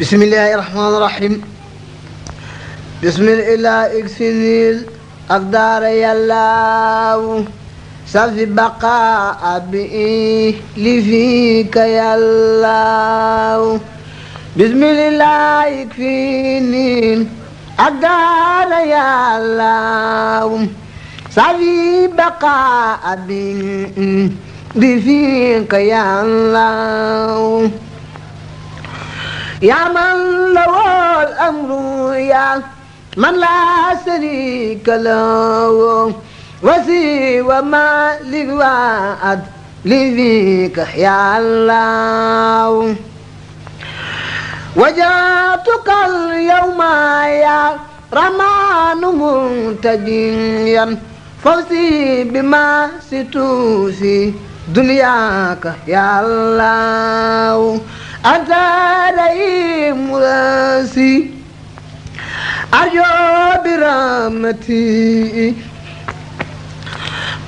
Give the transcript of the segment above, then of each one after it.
بسم الله الرحمن الرحيم بسم الله اكسنيل أقدار يلاو سفي بقاء بي لفيك يلاو بسم الله يكفيني أقدار يلاو سفي بقاء بي لفيك يلاو يا من له الأمر يا من لا شريك له وسوى مالك وعد لذيك يا الله وجاتك اليوم يا رمان منتجيا فوزي بما ستوفي دنياك يا الله أنت علي مراسي أرجو برحمتي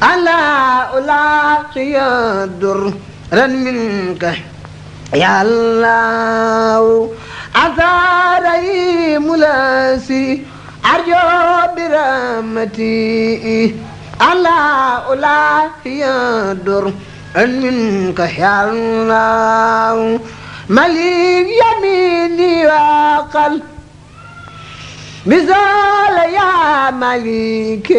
ألا ألاقي درا منك يا الله أنت علي مراسي أرجو برحمتي ألا ألاقي درا منك يا الله مليك يميني وقل مثال يا مليك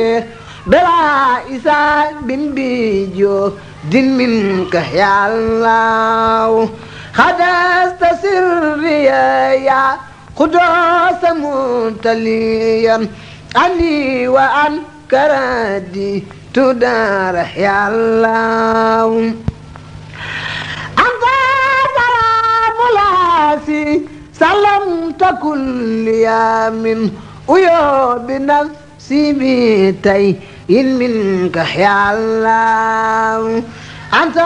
بلا إسان بن بيجو دين منك يا الله خدست سري يا قدوس متليا أني وأن كردي تدار يا الله أنت ثلاثي سلمت كل يوم ويوب نفسي بيتي منك يا الله أنت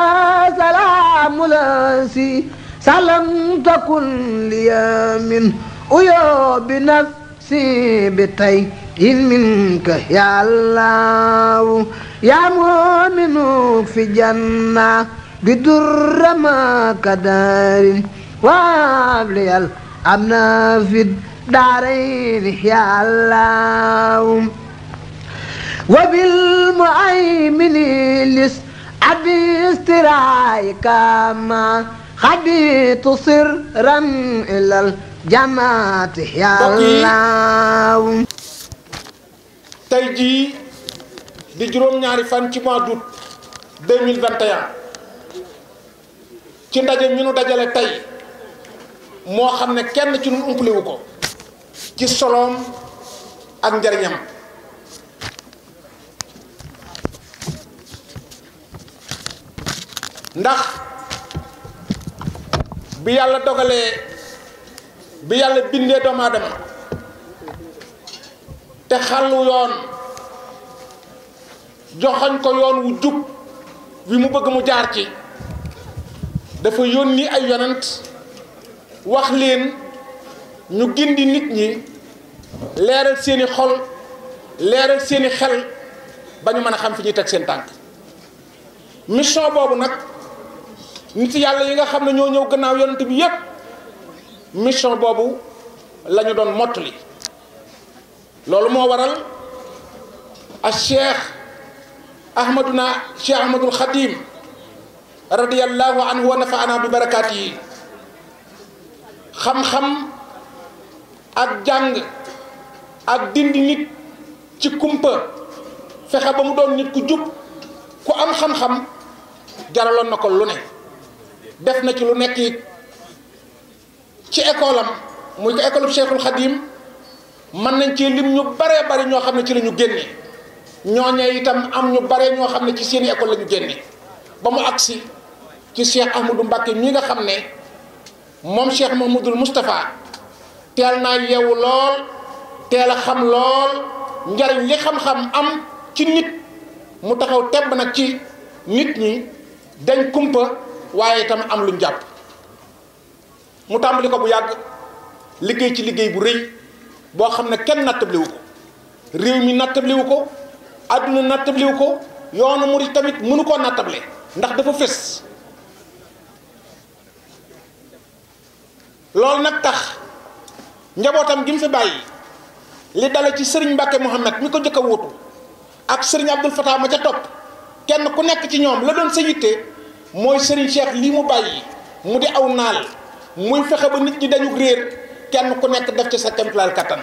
سلام لاسي سلمت كل يوم ويوب نفسي بيتي منك يا الله يا مؤمن في جنة بدر ما كدار وابلي الأمن في الدارين يا الله وبالمؤمن لس أبي استرايك ما خبيت سرا إلى الجماعة يا الله tey jii di juróom-ñaari fan ci mois d'août 2021 ci ndaje mi nu dajale tey moo xam ne kenn ci nun umpalewu ko ci soloom ak njariñam ndax bi yàlla dogalee bi yàlla bindee doomu te xàllu yoon joxoñ ko yoon wu jub wi mu bëgg mu jaar ci dafa yónni ay yonant wax leen ñu gindi nit ñi leeral seeni xol leeral seeni xel ba ñu mën a xam fi ñuy teg seen tànk mission boobu nag nit yàlla yi nga xam ne ñoo ñëw gannaaw yonent bi yépp mission boobu la ñu doon li loolu moo waral a cheikh ahmaduna cheikh ahmadul xadim radiallahu anhu wa nafaana bi barakaat yi xam-xam ak jàng ak dindi nit ci kumpa fexe ba mu doon nit ku jub ku am xam-xam jaraloon na ko lu ne def na ci lu nekk it ci école am muy ko école bu Cheikhul Khadim mën nañ ci lim ñu baree bari ñoo xam ne ci lañu ñu ñoo ne itam am ñu bare ñoo xam ne ci seeni école la ñu génne ba mu agsi ci Cheikh Ahmadou Mbacké mi nga xam ne moom Cheikh Mahmoudul Moustapha teel naa yeewu lool teel a xam lool njariñ li xam-xam am ci nit mu taxaw temb nag ci nit ñi dañ kumpa waaye itam am lu jàpp mu tàmbali ko bu yàgg liggéey ci liggéey bu rëy boo xam ne kenn nattabliwu ko réew mi nattabliwu ko àdduna nattabliwu ko yoonu murid tamit mënu koo nattable ndax dafa fës loolu nag tax njabootam gi mu fi bàyyi li dale ci sëriñ Mbàkke Mouhamed mi ko njëkk a wuutu ak sëriñ Abdul Fatah ma ca topp kenn ku nekk ci ñoom la doon sa yitte mooy sëriñ Cheikh lii mu bàyyi mu di aw naal muy fexe ba nit ñi dañu réer kenn ku nekk def ci sa kemtalaal kattan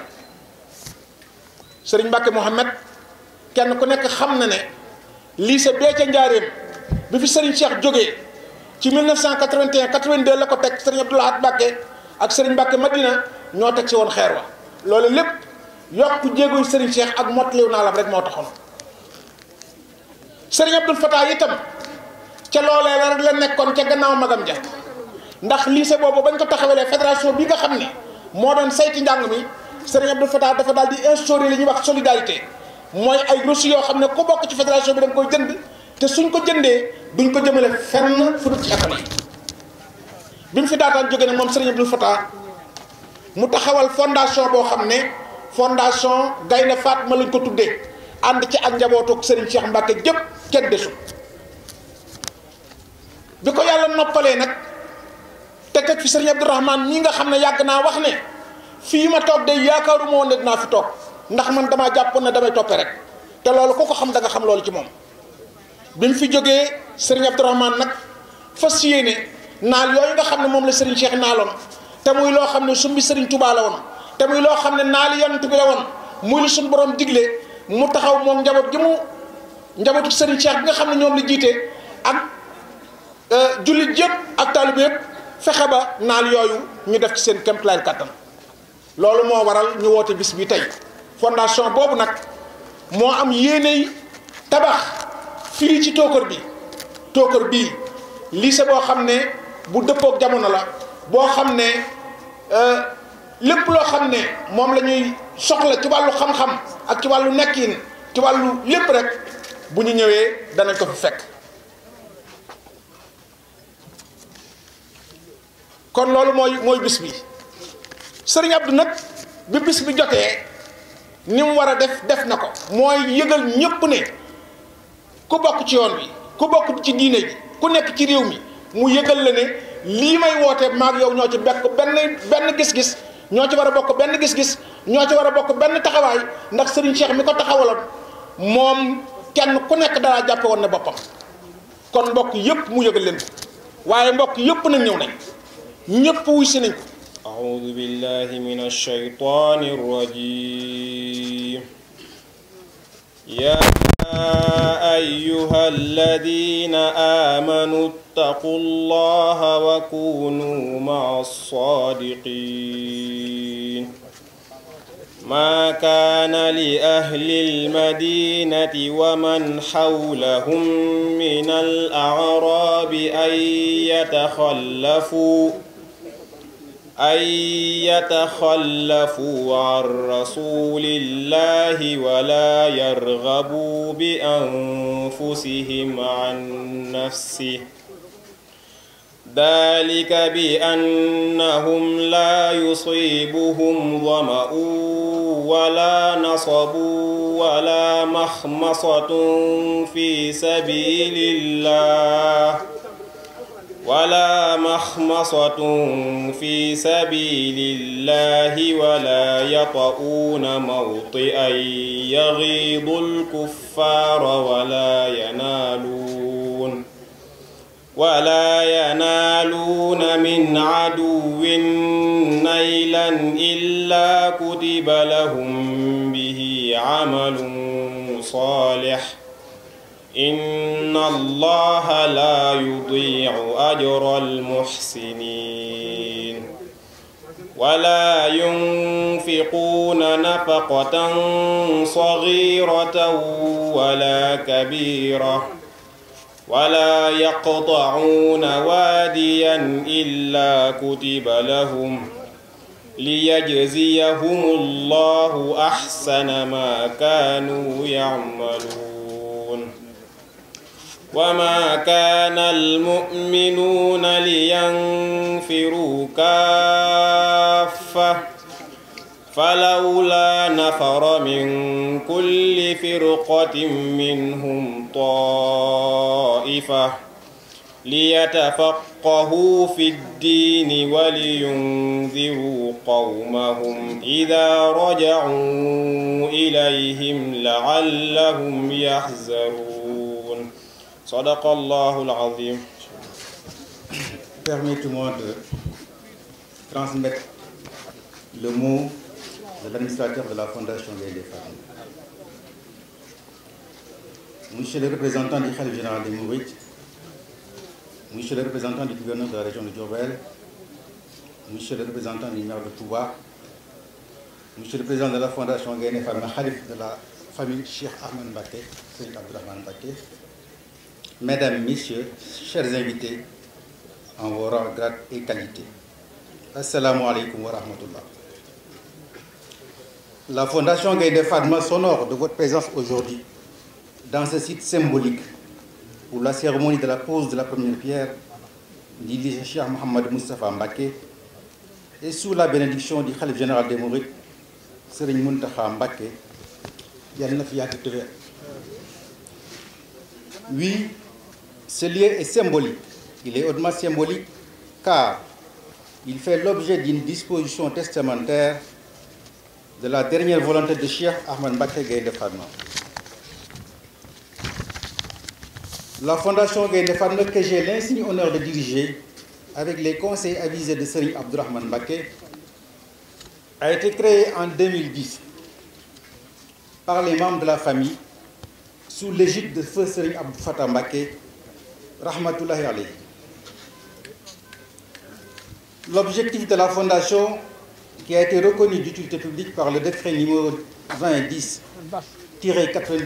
sëriñ Mbàkke Mouhamed kenn ku nekk xam na ne lii sa bee ca njaareem bi fi sëriñ Cheikh jógee ci 1981 82 la ko teg sëriñ Abdoul Ahad Mbàkke ak sëriñ Mbàkke Madina ñoo teg ci woon xeer wa loole lépp yokk jéegoy sëriñ Cheikh ak mottaliw naa lam rek moo taxoon sëriñ Abdul Fattah itam ca loolee la rek la nekkoon ca gannaaw magam ja ndax se boobu bañ ko taxawalee fédération bi nga xam ne moo doon sayti njàng mi sëriñ Abdul Fattah dafa daal di instaurer li ñu wax solidarité mooy ay reçus yoo xam ne ku bokk ci fédération bi da nga koy jënd te suñ ko jëndee duñ ko jëmale fenn fu dul bi mu fi daataan jóge nag moom Serigne Abdou Fattah mu taxawal fondation boo xam ne fondation Gaynde ma lañ ko tuddee ànd ci ak njabootu ak Serigne Cheikh Mbacke jëpp kenn desul bi ko yàlla noppalee nag teg fi Serigne Abdourahmane mii nga xam ne yàgg naa wax ne fii ma toog de yaakaaruma woon ne dinaa fi toog ndax man damaa jàppoon ne damay toppe rek te loolu ku ko xam da nga xam loolu ci moom bi mu fi jógee Serigne Abdourahmane nag fas yéene. naal yooyu nga xam ne moom la Serigne Cheikh naaloon te muy loo xam ne sumbi Serigne Touba la woon te muy loo xam ne naal yan bi la woon muy lu suñu borom digle mu taxaw moom njaboot gi mu njabootu Serigne Cheikh bi nga xam ne ñoom la jiite ak euh, jullit yëpp ak taalibe fexe ba naal yooyu ñu def ci seen kéemtalaay kattan loolu moo waral ñu woote bis bi tey fondation boobu nag moo am yéeney tabax fii ci tookar bi tookar bii lycée boo xam ne. bu dëppook jamono la boo xam ne euh, lépp loo xam ne moom la ñuy soxla ci wàllu xam-xam ak ci wàllu nekkin ci wàllu lépp rek bu ñu ñëwee danañ ko fi fekk kon loolu mooy mooy bis bi sëriñ Abdou nag bi bis bi jotee ni mu war a def def na ko mooy yëgal ñépp ne ku bokk ci yoon bi ku bokk ci diine ji ku nekk ci réew mi mu yëgal la lii may wootee maag yow ñoo ci bekk benn benn gis-gis ñoo ci war a bokk benn gis-gis ñoo ci war a bokk benn taxawaay ndax Serigne Cheikh mi ko taxawaloon moom kenn ku nekk dalaa jàppe woon ne boppam kon mbokk yëpp mu yëgal leen waaye mbokk yëpp nag ñëw nañ ñëpp wuy si nañ ko أعوذ بالله من الشيطان الرجيم يا أيها الذين آمنوا اتقوا الله وكونوا مع الصادقين ما كان لأهل المدينة ومن حولهم من الأعراب أن يتخلفوا أن يتخلفوا عن رسول الله ولا يرغبوا بأنفسهم عن نفسه ذلك بأنهم لا يصيبهم ظمأ ولا نصب ولا مخمصة في سبيل الله ولا مخمصة في سبيل الله ولا يطؤون موطئا يغيظ الكفار ولا ينالون ولا ينالون من عدو نيلا إلا كتب لهم به عمل صالح ۖ inna allaha la yudiicu ajra almuxsinin wala yunfiquuna nafaqatan sagiiratan wala kabiiratan ولا يقطعون واديا إلا كتب لهم ليجزيهم الله أحسن ما كانوا يعملون وما كان المؤمنون لينفروا كافة فلولا نفر من كل فرقة منهم طائفة ليتفقهوا في الدين ولينذروا قومهم إذا رجعوا إليهم لعلهم يحذرون Sadaqallahul Azim. Permettez-moi de transmettre le mot de l'administrateur de la Fondation Gaïndé Fatma. Monsieur le représentant du Khalife général des monsieur le représentant du gouverneur de la région de Diourbel, monsieur le représentant du maire de Touba, monsieur le président de la Fondation Gaïndé Fatma, khalife de la famille Cheikh Ahmed Mbacké, Serigne Abdourahmane Mbacké. Mesdames, Messieurs, chers invités, en vos rangs, et qualités. Assalamu alaikum wa La Fondation Gaïde Fatma s'honore de votre présence aujourd'hui dans ce site symbolique pour la cérémonie de la pose de la première pierre du Cheikh Mohamed Moustapha Mbake et sous la bénédiction du Khalif général des Mourides, Serigne Muntaha Mbake, Yann Oui, Ce lieu est symbolique. Il est hautement symbolique car il fait l'objet d'une disposition testamentaire de la dernière volonté de Cheikh Ahmed Mbacké Gaïndé Fatma. La fondation Gaïndé Fatma que j'ai l'insigne honneur de diriger avec les conseils avisés de Serigne Abdourahmane Mbacké a été créée en par les membres de la famille sous l'égide de feu Serigne Abdou Fatah Mbacké rahmatullahi alayhi. L'objectif de la fondation, qui a été reconnue d'utilité publique par le décret numéro 2010-92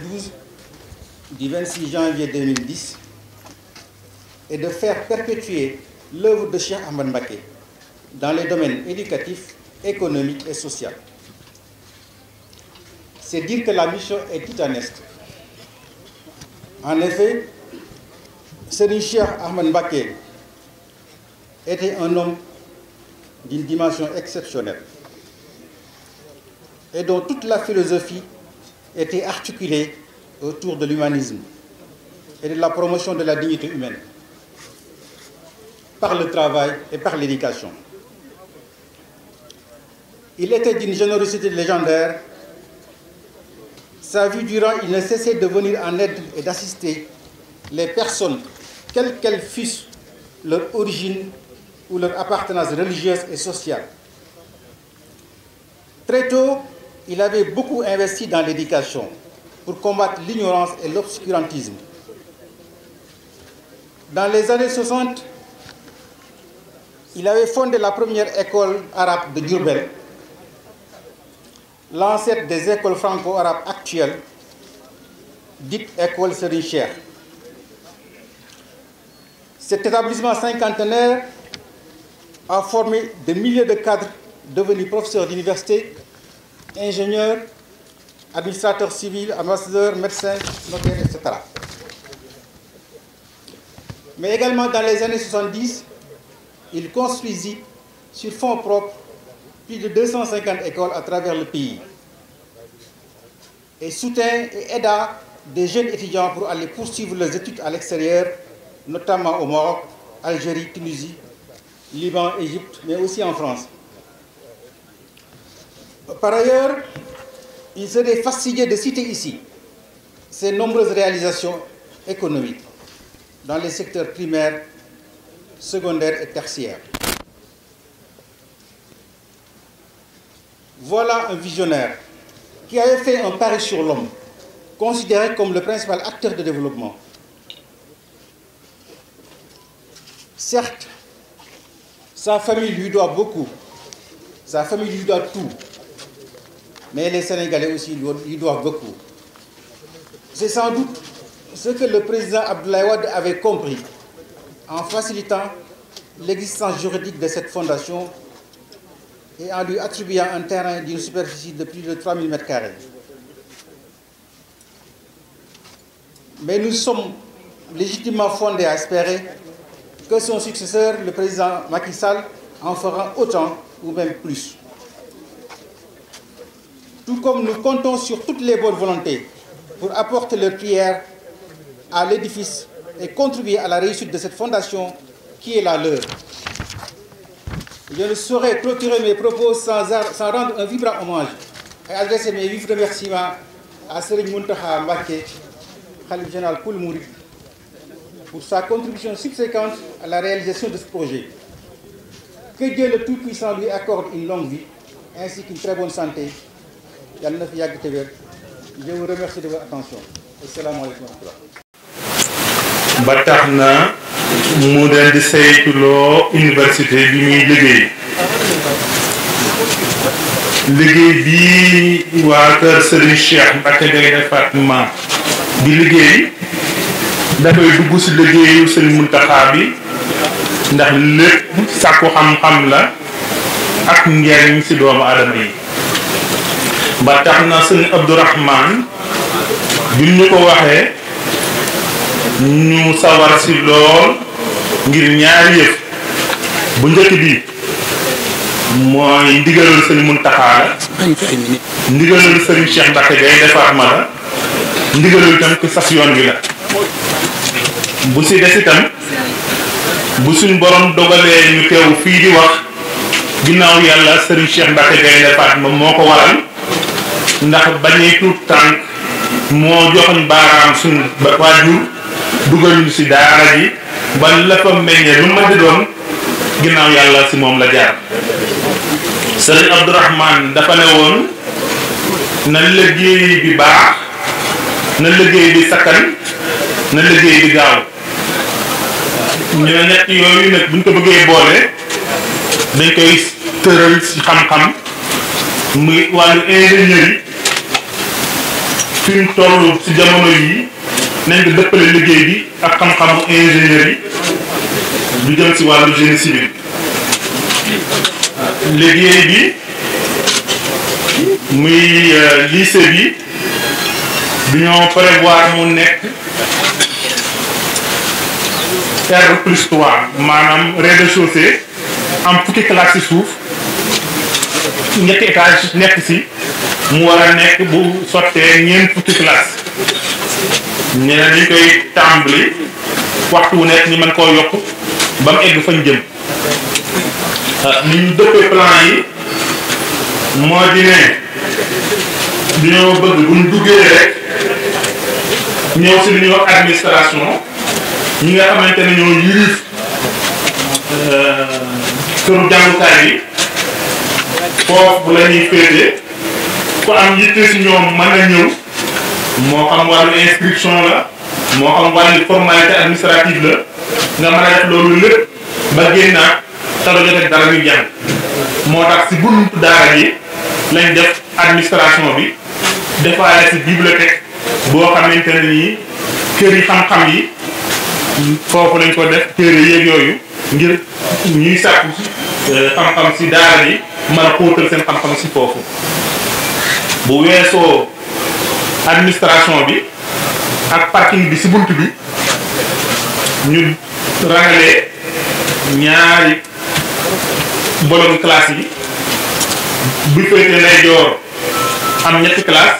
du 26 janvier 2010, est de faire perpétuer l'œuvre de Cheikh Ahmed Mbacké dans les domaines éducatifs, économiques et sociaux. C'est dire que la mission est titanesque. Serigne Cheikh Ahmed Mbacké était un homme d'une dimension exceptionnelle et dont toute la philosophie était articulée autour de l'humanisme et de la promotion de la dignité humaine par le travail et par l'éducation. Il était d'une générosité légendaire. Sa vie durant, il ne cessait de venir en aide et d'assister les personnes quelles qu'elles fussent leur origine ou leur appartenance religieuse et sociale. Très tôt, il avait beaucoup investi dans l'éducation pour combattre l'ignorance et l'obscurantisme. Dans les années 60, il avait fondé la première école arabe de Durbel, l'ancêtre des écoles franco-arabes actuelles, dite école Serichère. Cet établissement cinquantenaire a formé des milliers de cadres devenus professeurs d'université, ingénieurs, administrateurs civils, ambassadeurs, médecins, notaires, etc. Mais également dans les années 70, il construisit sur fonds propres plus de 250 écoles à travers le pays et soutint et aida des jeunes étudiants pour aller poursuivre leurs études notamment au Maroc, Algérie, Tunisie, Liban, Égypte, mais aussi en France. Par ailleurs, il serait fastidieux de citer ici ces nombreuses réalisations économiques dans les secteurs primaires, secondaires et tertiaires. Voilà un visionnaire qui avait fait un pari sur l'homme, considéré comme le principal acteur de développement. Certes, sa famille lui doit beaucoup, sa famille lui doit tout, mais les Sénégalais aussi lui doivent beaucoup. C'est sans doute ce que le président Abdoulaye Wade avait compris en facilitant l'existence juridique de cette fondation et en lui attribuant un terrain d'une superficie de plus de 3000 m2. Mais nous sommes légitimement fondés à espérer que son successeur, le président Macky Sall, en fera autant ou même plus. Tout comme nous comptons sur toutes les bonnes volontés pour apporter leur prière à l'édifice et contribuer à la réussite de cette fondation qui est la leur. Je ne saurais clôturer mes propos sans, rendre un vibrant hommage et adresser mes vifs remerciements à Serigne Mountakha Mbacké, pour sa contribution subséquente à la réalisation de ce projet. Que Dieu le Tout-Puissant lui accorde une longue vie ainsi qu'une très bonne santé. yàgg te Je vous remercie de votre attention. Asalaamaaleykum wa rahmatullah. ba tax na mu leen di université bi ñuy liggéey. liggéey bii waa kër Serigne Cheikh di liggéey. dafay dugg si liggéeyu sëñ Muntaxa bi ndax lépp sàkku xam-xam la ak njariñ si doomu aadama yi ba tax na sëñ Abdourahman bi ñu ko waxee ñu sawar si lool ngir ñaar yëf bu njëkk bi mooy ndigalal sëñ Muntaxa la ndigalal sëñ Cheikh Mbacke Gaïndé Fatma la ndigalal itam ki saf yoon bi la bu si des itam bu suñ borom dogalee ñu teew fii di wax ginnaaw yàlla Serigne Cheikh Mbacke Gaynde Fatma moo ko waral ndax bañee tuut tànk moo joxoñ baaraam suñ waajur dugal ñu si daara ji ba la fa meññee lu ma di ginnaaw yàlla si moom la jaar Serigne Abdourahmane dafa ne woon na liggéey bi baax na liggéey bi sakkan na liggéey bi gaaw ñu ne yooyu nag buñ ko bëggee boole dañ koy tëral ci xam-xam muy wàllu ingénieur fi mu toll ci jamono yi nañ ko dëppale liggéey bi ak xam-xamu ingénieur yi lu jëm ci wàllu génie civil liggéey bi muy euh, lycée bi du ñoo prévoir mu nekk R plus 3 maanaam rez de am fukki classe ci suuf ñetti étage nekk si mu war a nekk bu sottee ñeent fukki classe nee na koy tàmbali waxtu wu nekk ñu mën koo yokk ba mu egg fañ jëm ah, ni ñu dëppee plan yi moo di ne dañoo bëgg bu ñu duggee rek ñëw ci li ñuy wax administration ñi nga xamante ne ñoo yilif euh, këru jàngukaay yi foofu bu féete ku am yitte si ñoom mën a ñëw moo xam wàllu inscription la moo xam wàllu formalité administrative la nga mën a def loolu lépp ba génnaat te jot ak dara ñuy jàng moo tax si buntu daara yi lañ def administration bi defaale si bibliothèque boo xamante ne nii kër yi xam-xam yi foofu lañ ko def téere yéeg yooyu ngir ñuy sàkku euh, xam-xam si daara yi mën a xóotal seen xam-xam si foofu bu weesoo administration bi ak parking bi ci bunt bi ñu rangalee ñaari bolom classe yi bu féete nay joor am ñetti classe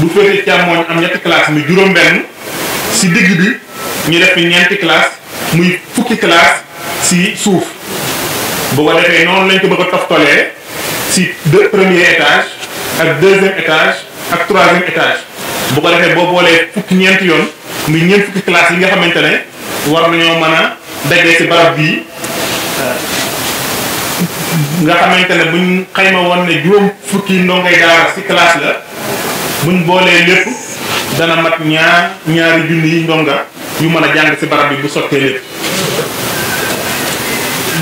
bu féete càmmooñ am ñetti classe mi juróom benn si digg bi ñu def ñu ñeenti classe muy fukki classe si suuf boo ko defee noonu lañ ko bëgg a toftalee si deux premier étage ak deuxième étage ak troisième étage bu ko defee boo boolee fukki ñeenti yoon muy ñeent fukki classe yi nga xamante ne war nañoo mën a dajee si barab bii nga xamante ne buñ xayma woon ne juróom fukki ndongay daara si classe la buñ boolee lépp dana mat ñaar ñaari junni yi ndonga yu mën a jàng ci barab bi bu sottee lépp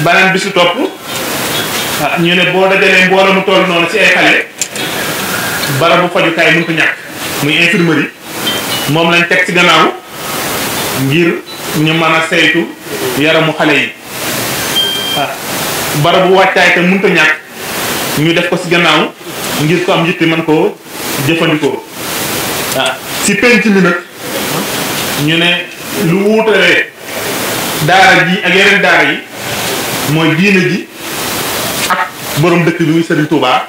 beneen bi si topp ah, ñu ne boo dajalee mbooloo mu toll noonu ci ay xale barabu fajukaay mënut a ñàkk muy infirmerie moom lañ teg ci gannaaw ngir ñu mën a saytu yaramu xale yi ah, barabu wàccaay te mënut a ñàkk ñu def ko ci gannaaw ngir ko am yitte mën koo jëfandikoo ah, ci penc mi nag ñu ne lu wuutalee daara ji ak yeneen daara yi mooy diine ji ak boroom dëkk bi muy Serigne Touba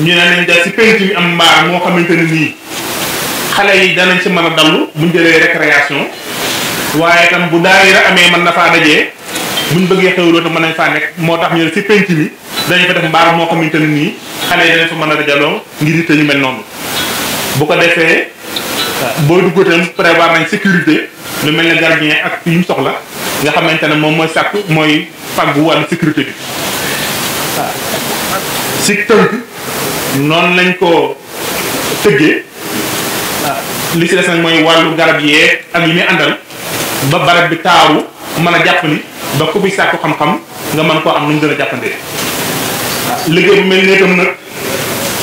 ñu ne nañ daal ci penc mi am mbaar moo xamante ne nii xale yi danañ ci mën a dallu buñ jëlee récréation waaye tam bu daayira amee mën na faa dajee buñ bëggee xewloo te mën nañ faa nekk moo tax ñu ne ci penc mi dañ fa def mbaar moo xamante ne nii xale yi danañ fa mën a dajaloo ngir it ñu mel noonu bu ko defee. boo duggoo itam prévoir nañ sécurité lu mel garab gardien ak yu ñu soxla nga xamante ne moom mooy sàkk mooy fàggu wàllu sécurité bi si tënk noon lañ ko tëggee li si des nag mooy wàllu garab yee ak yi muy àndal ba barab bi taaru man a jàpp ni ba ku sàkku xam-xam nga mën koo am nu mu gën a jàppandee liggéey bu mel ne itam nag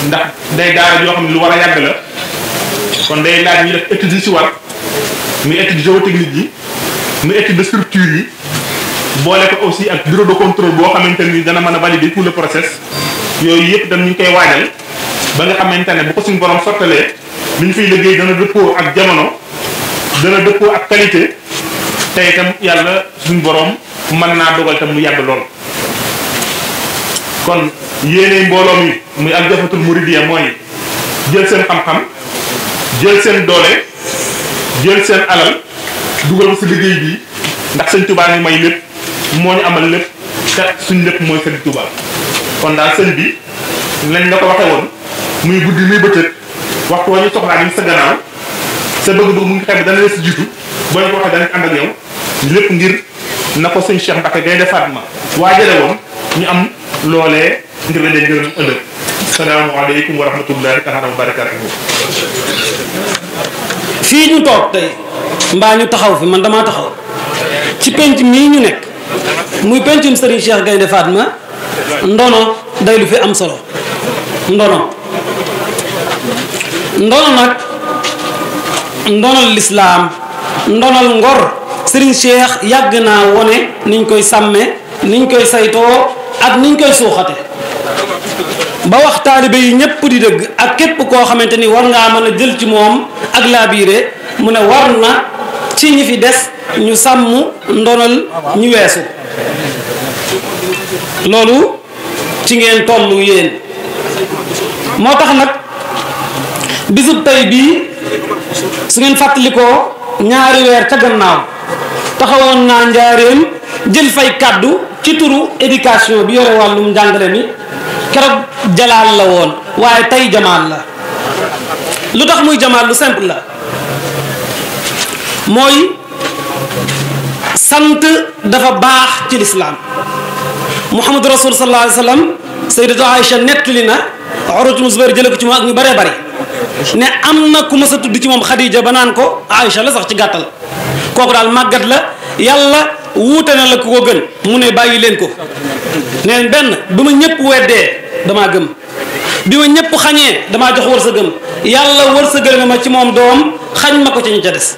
ndax day daara yoo xam ne lu war a yàgg la kon day laaj ñu def étude yi ci war muy étude géotechnique yi muy étude de structure yi boole ko aussi ak bureau de contrôle boo xamante ni dana mën a valider tout le process yooyu yëpp dañ ñu koy waajal ba nga xamante ne bu ko suñu borom sottalee li ñu fiy liggéey dana dëppoo ak jamono dana dëppoo ak qualité te itam yàlla suñu borom mën naa dogal tam mu yàgg lool. kon yéene mbooloo mi muy ak jafatul muridiya mooy jël seen xam-xam. jël seen doole jël seen alal dugal ko si liggéey bi ndax sëñ Tuubaa ñu may lépp moo ñu amal lépp te suñ lépp mooy sëñ tubaab kon daal sëñ bi lañ la ko waxee woon muy guddi muy bëccëg waxtu waa ñu soxlaa ñu sa gannaaw sa bëgg-bëgg mu ngi xam ne dana la si jiitu boo ñu ko waxee danañ ànd ak yow lépp ngir na ko suñ Cheikh Mbacke Gaynde Fatma waajale woon ñu am loolee ngir la dee gërëm ëllëg salaamaaleykum wa rahmatullahi taala wa barakatuhu fii ñu toog tey mbaa ñu taxaw fi man damaa taxaw ci penc mii ñu nekk muy pencum Serigne Cheikh Gaynde Fatma ndono day lu fi am solo ndono ndono nag ndonal lislaam ndonol ngor sëriñ Cheikh yàgg naa wone niñ koy sàmme niñ koy saytoo ak niñ koy suuxate ba wax taalibe yi ñëpp di dëgg ak képp koo xamante ni war ngaa mën a jël ci moom ak laa biire mu ne war na ci ñi fi des ñu sàmm ndonal ñu weesu loolu ci ngeen tollu yéen moo tax nag bisub tey bii su ngeen fàttalikoo ñaari weer ca gannaaw taxawoon naa njaareem jël fay kàddu ci turu éducation bi yore wàllum njàngale mi keroog jalaal la woon waaye tey jamaal la lu tax muy jamaal lu simple la mooy sant dafa baax ci lislaam muhammadu rasul sallallahu alayhi wa sallam sayyidatu Aïcha nettali na Urwatu bnu Zubayr jële ko ci moom ak ñu bëree bëri ne am na ku mës a tudd ci moom Xadija ba naan ko Aïcha la sax ci gàttal kooku daal màggat la yàlla wuute na la ku ko gën mu ne bàyyi leen ko neen benn bi ma ñëpp weddee damaa gëm bi ma ñëpp xañee damaa jox sa wërsëgam yàlla wërsëgal nga ma ci moom doom xañ ma ko ci ñu ca des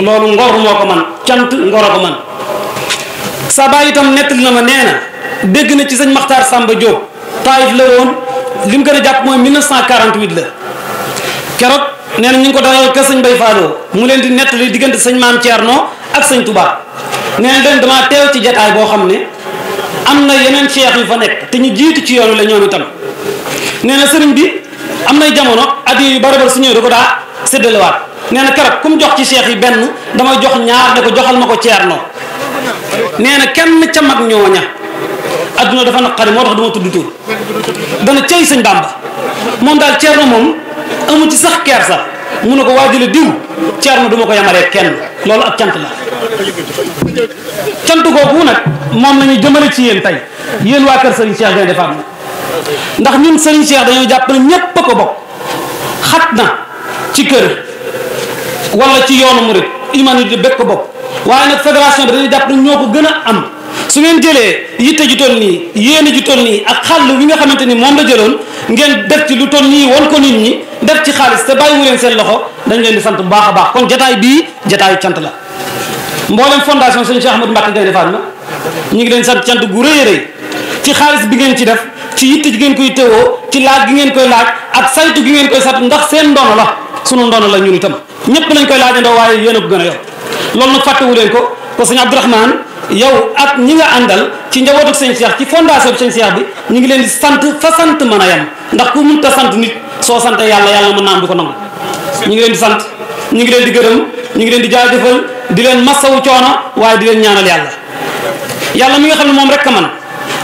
loolu ngor moo ko man cant ngor a man sa baay itam nettali na ma nee na dégg na ci sañ Maxtaar Samba Diop taayif la woon li mu gën a jàpp mooy 1948 la keroog neen na ñu ngi ko dalal kër sëñ Bay Fallou mu leen di nettali diggante sëñ Maam noo ak sëñ Touba nee na leen damaa teew ci jataay boo xam ne am na yeneen cheikh yu fa nekk te ñu jiitu ci yoonu la ñoom itam nee na sëriñ bi am nay jamono at yu bari bari su ñëwee da ko daa seddalewaat nee na keroog ku jox ci cheikh yi benn damay jox ñaar ne joxal ma ko ceerno nee na kenn ca mag ñooña adduna dafa naqari moo tax dama tudd tur dana cey sañ Bàmba moom daal ceerno moom amu ci sax kersa mu na ko waajale diw ceer du ma ko yamalee kenn loolu ak cant la cant googu nag moom la ñu jëmale ci yéen tey yéen waa kër Serigne Cheikh Gaïndé Fatma ndax ñun Serigne Cheikh dañoo jàpp ne ñépp a ko bokk xat na ci kër wala ci yoonu mu murid humanité bépp ko bokk waaye nag fédération bi dañuy jàpp ne ñoo ko gën a am su ngeen jëlee yitte ju toll nii yéene ju toll nii ak xàll wi nga xamante ni moom la jëloon ngeen def ci lu toll nii woon ko nit ñi def ci xaalis te bàyyiwu leen seen loxo dañ leen di sant bu baax a baax kon jataay bii jataayu cant la mboolem fondation sëñ Cheikh Ahmadou Mbacké Gaïndé Fatma ñu ngi leen sant cant gu rëy rëy ci xaalis bi ngeen ci def ci yitte gi ngeen koy teewoo ci laaj gi ngeen koy laaj ak saytu gi ngeen koy sat ndax seen ndono la sunu ndono la ñu ñun itam ñëpp lañ koy a laajandoo waaye yéen a ko gën a yor loolu nag fàttewu leen ko parce que sëñ Abdourahmane yow ak ñi nga àndal ci njabootu sëñ seex ci fondation bi sëñ Cheikh bi ñu ngi leen di sant fa sant mën a yem ndax ku mun sant nit soo sante yàlla yàlla mën naa am ko nangu ñu leen di ñu ngi leen di gërëm ñu ngi leen di jaajëfal di leen masawu coono waaye di leen ñaanal yàlla yàlla mi nga xam ne moom rek man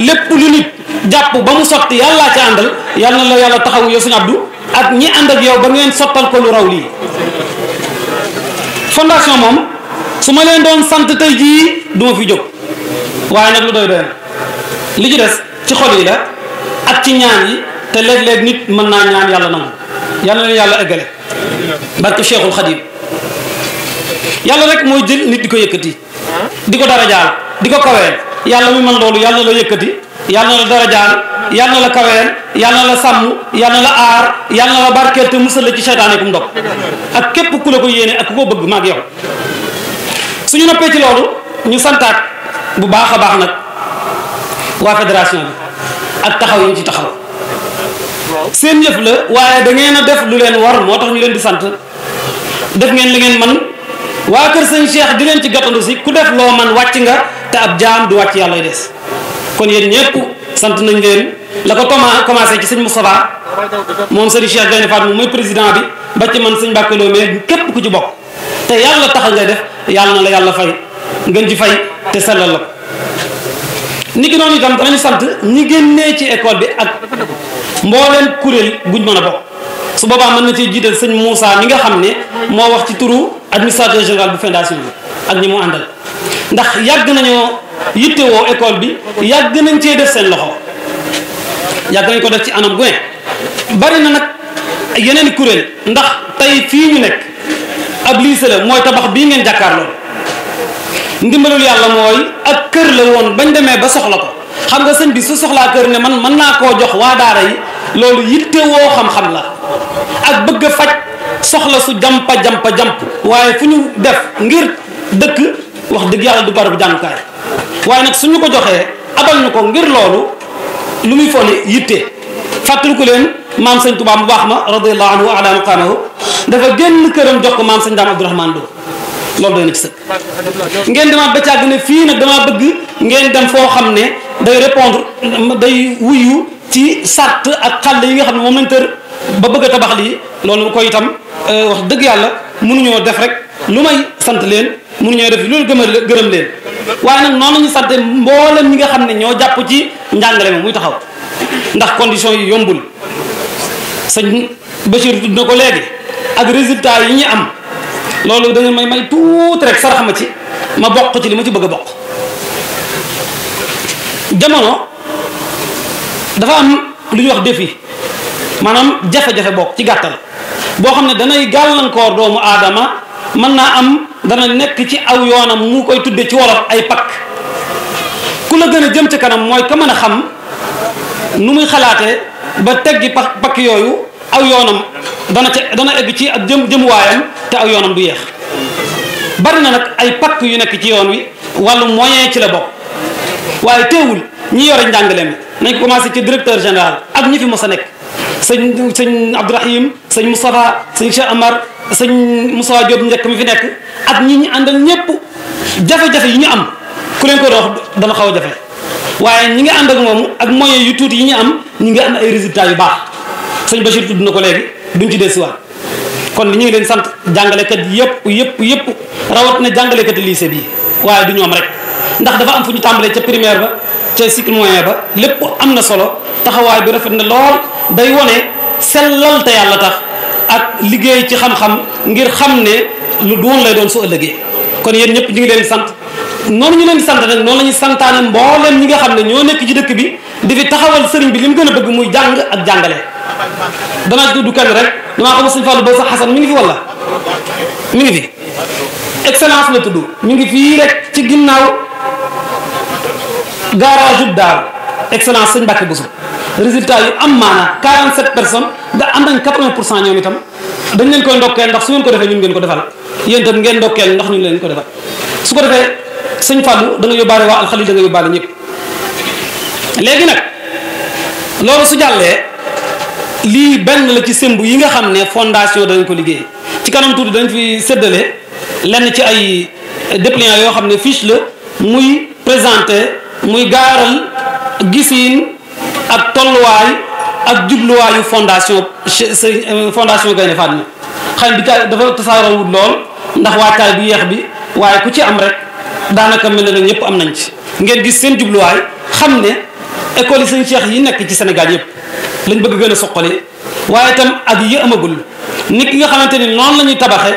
lépp lu nit jàpp ba mu sotti yàlla ca àndal yàlla na la yàlla taxawu yow suñu abdu ak ñi ànd ak yow ba ngeen sottal ko lu raw lii fondation moom su ma leen doon sant tey jii du ma fi jóg waaye nag lu doy doy li ci des ci xol yi la ak ci ñaan yi te léeg-léeg nit mën naa ñaan yàlla nangu yàlla na leen yàlla eggale barke Cheikhul Khadim yàlla rek mooy jël nit di ko yëkkati di ko darajaal di ko kaweel yàlla mi man loolu yàlla la yëkkati yàlla la darajaal yàlla la kaweel yàlla la sàmm yàlla la aar yàlla la barkeel te musal la ci seytaane kum dog ak képp ku la ko yéene ak ku ko bëgg maag yow suñu noppee ci loolu ñu santaat bu baax a baax nag waa fédération bi ak taxaw yi ñu ci taxaw seen yëf la waaye da ngeen a def lu leen war moo tax ñu leen di sant def ngeen li ngeen man waa kër sëñ Cheikh di leen ci gàttandu si ku def loo man wàcc nga te ab jaam du wàcc yàlla lay des kon yéen ñëpp sant nañ leen la ko commen commencé ci sëñ Moustapha moom sëriñ Cheikh Gaynde Fatma mooy président bi ba ci man sëñ Bakkaloo mais képp ku ci bokk te yàlla taxal ngay def yàlla na la yàlla fay ngeen ci fay te sellal la ko ni ki noonu itam danañu sant ñi génnee ci école bi ak mbooleen kuréel buñ mën a bokk su boobaa mën na cee jiital sëñ Moussa mi nga xam ne moo wax ci turu administrateur général bu fédération bi ak ñi mu àndal ndax yàgg nañoo yittewoo école bi yàgg nañ cee def seen loxo yàgg nañ ko def ci anam gu ne bari na nag yeneen kuréel ndax tey fii ñu nekk ab lycée la mooy tabax bii ngeen jàkkaarloo ndimbalul yàlla mooy ak kër la woon bañ demee ba soxla ko xam nga seen bi su soxlaa kër ne man mën naa koo jox waa daara yi loolu yittewoo xam-xam la. ak bëgg a faj soxla su jampa jampa jamp waaye fu ñu def ngir dëkk wax dëgg yàlla du barabu jàngukaay waaye nag suñu ko joxee abal ñu ko ngir loolu lu muy foole yitte ko leen maam sëñ Tuubaa mu baax ma radiyallahu anhu wa ala maqaamahu dafa génn këram jox ko maam sëñ daam Abdourahmane Lo loolu doy na ci sëkk ngeen demaat ba ne fii nag damaa bëgg ngeen dem foo xam ne day répondre day wuyu ci sart ak xàll yi nga xam ne moom lañ tër ba bëgg tabax lii loolu ko itam euh, wax dëgg yàlla mënuñoo def rek lu may sant leen mënuñoo def loolu gëm gërëm leen waaye nag noonu ñu sante mboolem ñi nga xam ne ñoo jàpp ci njàngale ma muy taxaw ndax condition yi yombul sëñ Bachir tudd na ko léegi ak résultat yi ñu am loolu da ngeen may may tuuti rek sarax ma ci ma bokk ci li ma ci bëgg a bokk jamono dafa am lu ñuy wax défi maanaam jafe-jafe bokk ci gàttal boo xam ne danay gàllankoor doomu aadama mën naa am dana nekk ci aw yoonam mu koy tuddee ci wolof ay pakk ku la gën a jëm ci kanam mooy ka mën a xam nu muy xalaatee ba teggi pak pakk yooyu aw yoonam dana ca dana egg ci ak jëm jëmuwaayam te aw yoonam du yéex bari na nag ay pakk yu nekk ci yoon wi wàllu moyen ci la bokk waaye teewul ñi yore njàngale mi nañ ko commencé ci directeur général ak ñi fi mos sa nekk sëñ sëñ Abdourahim sëñ Moustapha sëñ Cheikh Amar sëñ Moustapha Diop njëkk mi fi nekk ak ñi ñu àndal ñëpp jafe-jafe yi ñu am ku leen koy wax dana xaw a jafe waaye ñi ngi ànd ak moom ak moyens yu tuuti yi ñu am ñi ngi am ay résultats yu baax sëñ Bachir tudd na ko léegi duñ ci dellusiwaat kon ñu ngi leen sant jàngalekat yëpp yëpp yëpp rawat na jàngalekat lycée bi waaye du ñoom rek ndax dafa am fu ñu tàmbalee ca primaire ba ca cycle moyen ba lépp am na solo taxawaay bi rafet na lool. day wone sellal te yàlla tax ak liggéey ci xam-xam ngir xam ne lu doon lay doon su ëllëgee kon yéen ñëpp ñu ngi leen sant noonu ñu leen sant nag noonu la ñuy santaane mbooleem ñi nga xam ne ñoo nekk ci dëkk bi di fi taxawal sëriñ bi li mu gën a bëgg muy jàng ak jàngale. danaa tudd kenn rek damaa xam sëñ Fallou Ba sax Xasan mi ngi fi wala mi ngi fi excellence la tudd mi ngi fii rek ci ginnaaw garage bu Daaru excellence sëñ Mbàkke Bousso résultat yu am maanaa 47 personnes da am nañ 80 pour cent ñoom itam dañ leen koy ndokkeel ndax su ngeen ko defee ñun ngeen ko defal yéen itam ngeen ndokkeel ndax ñun leen ko defal su ko defee sëñ Fallou da nga yóbbaale waa alxali da nga yóbbaale ñëpp léegi nag loolu su jàllee lii benn la ci sëmb yi nga xam ne fondation danañ ko liggéey ci kanam tuuti dañ fi séddale lenn ci ay dépliant yoo xam ne fiche la muy présenté muy gaaral gisiin ak tolluwaay ak jubluwaayu fondation euh, fondation Gaynde Fatma xëy bi ka dafa tasaaroo wut lool ndax waajtaay bi yeex bi waaye ku ci am rek daanaka mel na ne ñëpp am nañ ci. ngeen gis seen jubluwaay xam ne école yi seen yi nekk ci Sénégal yëpp lañ bëgg gën a soqali waaye itam ak yi nit ki nga xamante ni noonu la ñuy tabaxe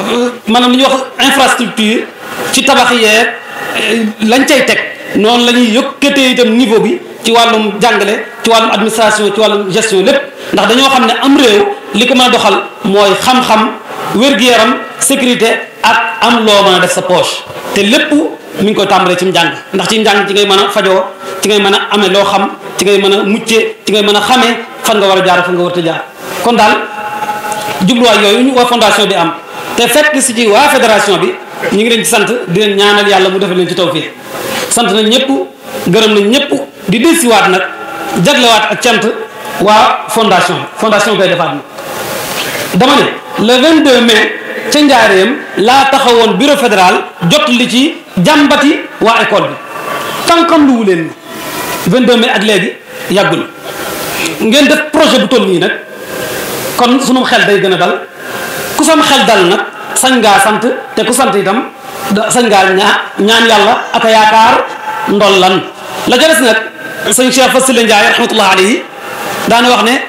euh, maanaam li ñuy wax infrastructure ci tabax yeeg euh, lañ cay teg noonu la ñuy yëkkatee itam niveau bi. ci wàllum jàngale ci wàllum administration ci wàllum gestion lépp ndax dañoo xam ne am réew li ko mën a doxal mooy xam-xam wér-gu-yaram sécurité ak am loo mën a def sa poche te lépp mi ngi koy tàmbalee ci njàng ndax ci njàng ci ngay mën a fajoo ci ngay mën a amee loo xam ci ngay mën a muccee ci ngay mën a xamee fan nga war a jaar fan nga war a jaar kon daal jubluwaay yooyu waa fondation di am te fekk si ci waa fédération bi ñu ngi leen ci sant di ñaanal yàlla mu defal leen ci tawfiq sant nañ ñëpp gërëm di dellusiwaat nag jaglewaat ak cant waa fondation fondation koy defaat nag dama ne le 22 mai ca laa taxawoon bureau fédéral jot li ci jàmbati waa école bi tànkam lu wu leen ni 22 mai ak léegi yàggul ngeen def projet bu toll nii nag kon sunu xel day gën a dal ku sam xel dal nag sañ ngaa sant te ku sant tam sañ ngaa ñaan yàlla ak yaakaar ndollan la ca nag sëñ Cheikh Fassila Ndiaye rahmatullah alayhi daana wax ne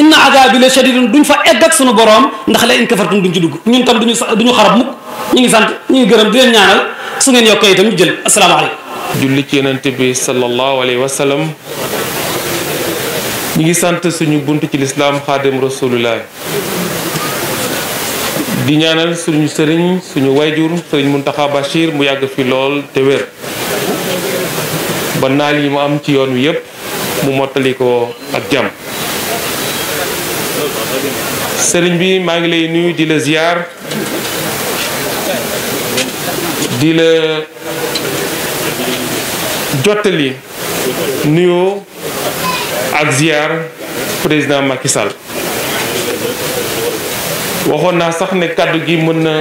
inna adaabi la shadidun duñ fa egg ak sunu borom ndax la in kafartum duñ ci dugg ñun tam duñu duñu xarab mukk ñu ngi sant ñu ngi gërëm di leen ñaanal su ngeen yokkee itam ñu jël asalaamaaleykum julli ci yonent bi sallallahu alayhi wa sallam ngi sant suñu bunt ci lislaam xaadim rasulullah di ñaanal suñu sëriñ suñu wayjur sëriñ Muntaxa Bachir mu yàgg fi lool te wér ba naal yi mu am ci yoon wi yëpp mu mottali ko ak jàmm sëriñ bi maa ngi lay nuyu di la ziar di la jottali nuyoo ak ziar président Macky Sall waxoon naa sax ne kàddu gi mën na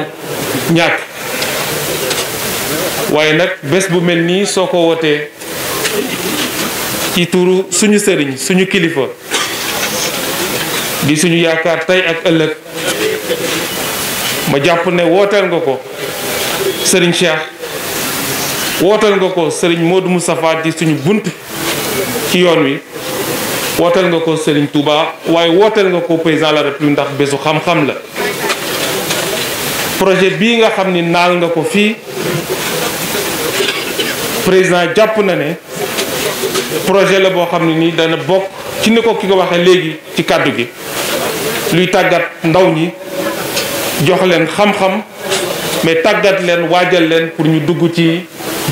ñàkk waaye nag bés bu mel nii soo ko wootee ci turu suñu sëriñ suñu kilifa di suñu yaakaar tey ak ëllëg ma jàpp ne wooteel nga ko sëriñ Cheikh wooteel nga ko sëriñ Modou Moustapha di suñu bunt ci yoon wi wooteel nga ko sëriñ Touba waaye wooteel nga ko président la République ndax bésu xam-xam la projet bii nga xam ni naal nga ko fii président jàpp na ne projet la boo xam ne nii dana bokk ci ni ko ki ko waxee léegi ci kàddu gi luy tàggat ndaw ñi jox leen xam-xam mais tàggat leen waajal leen pour ñu dugg ci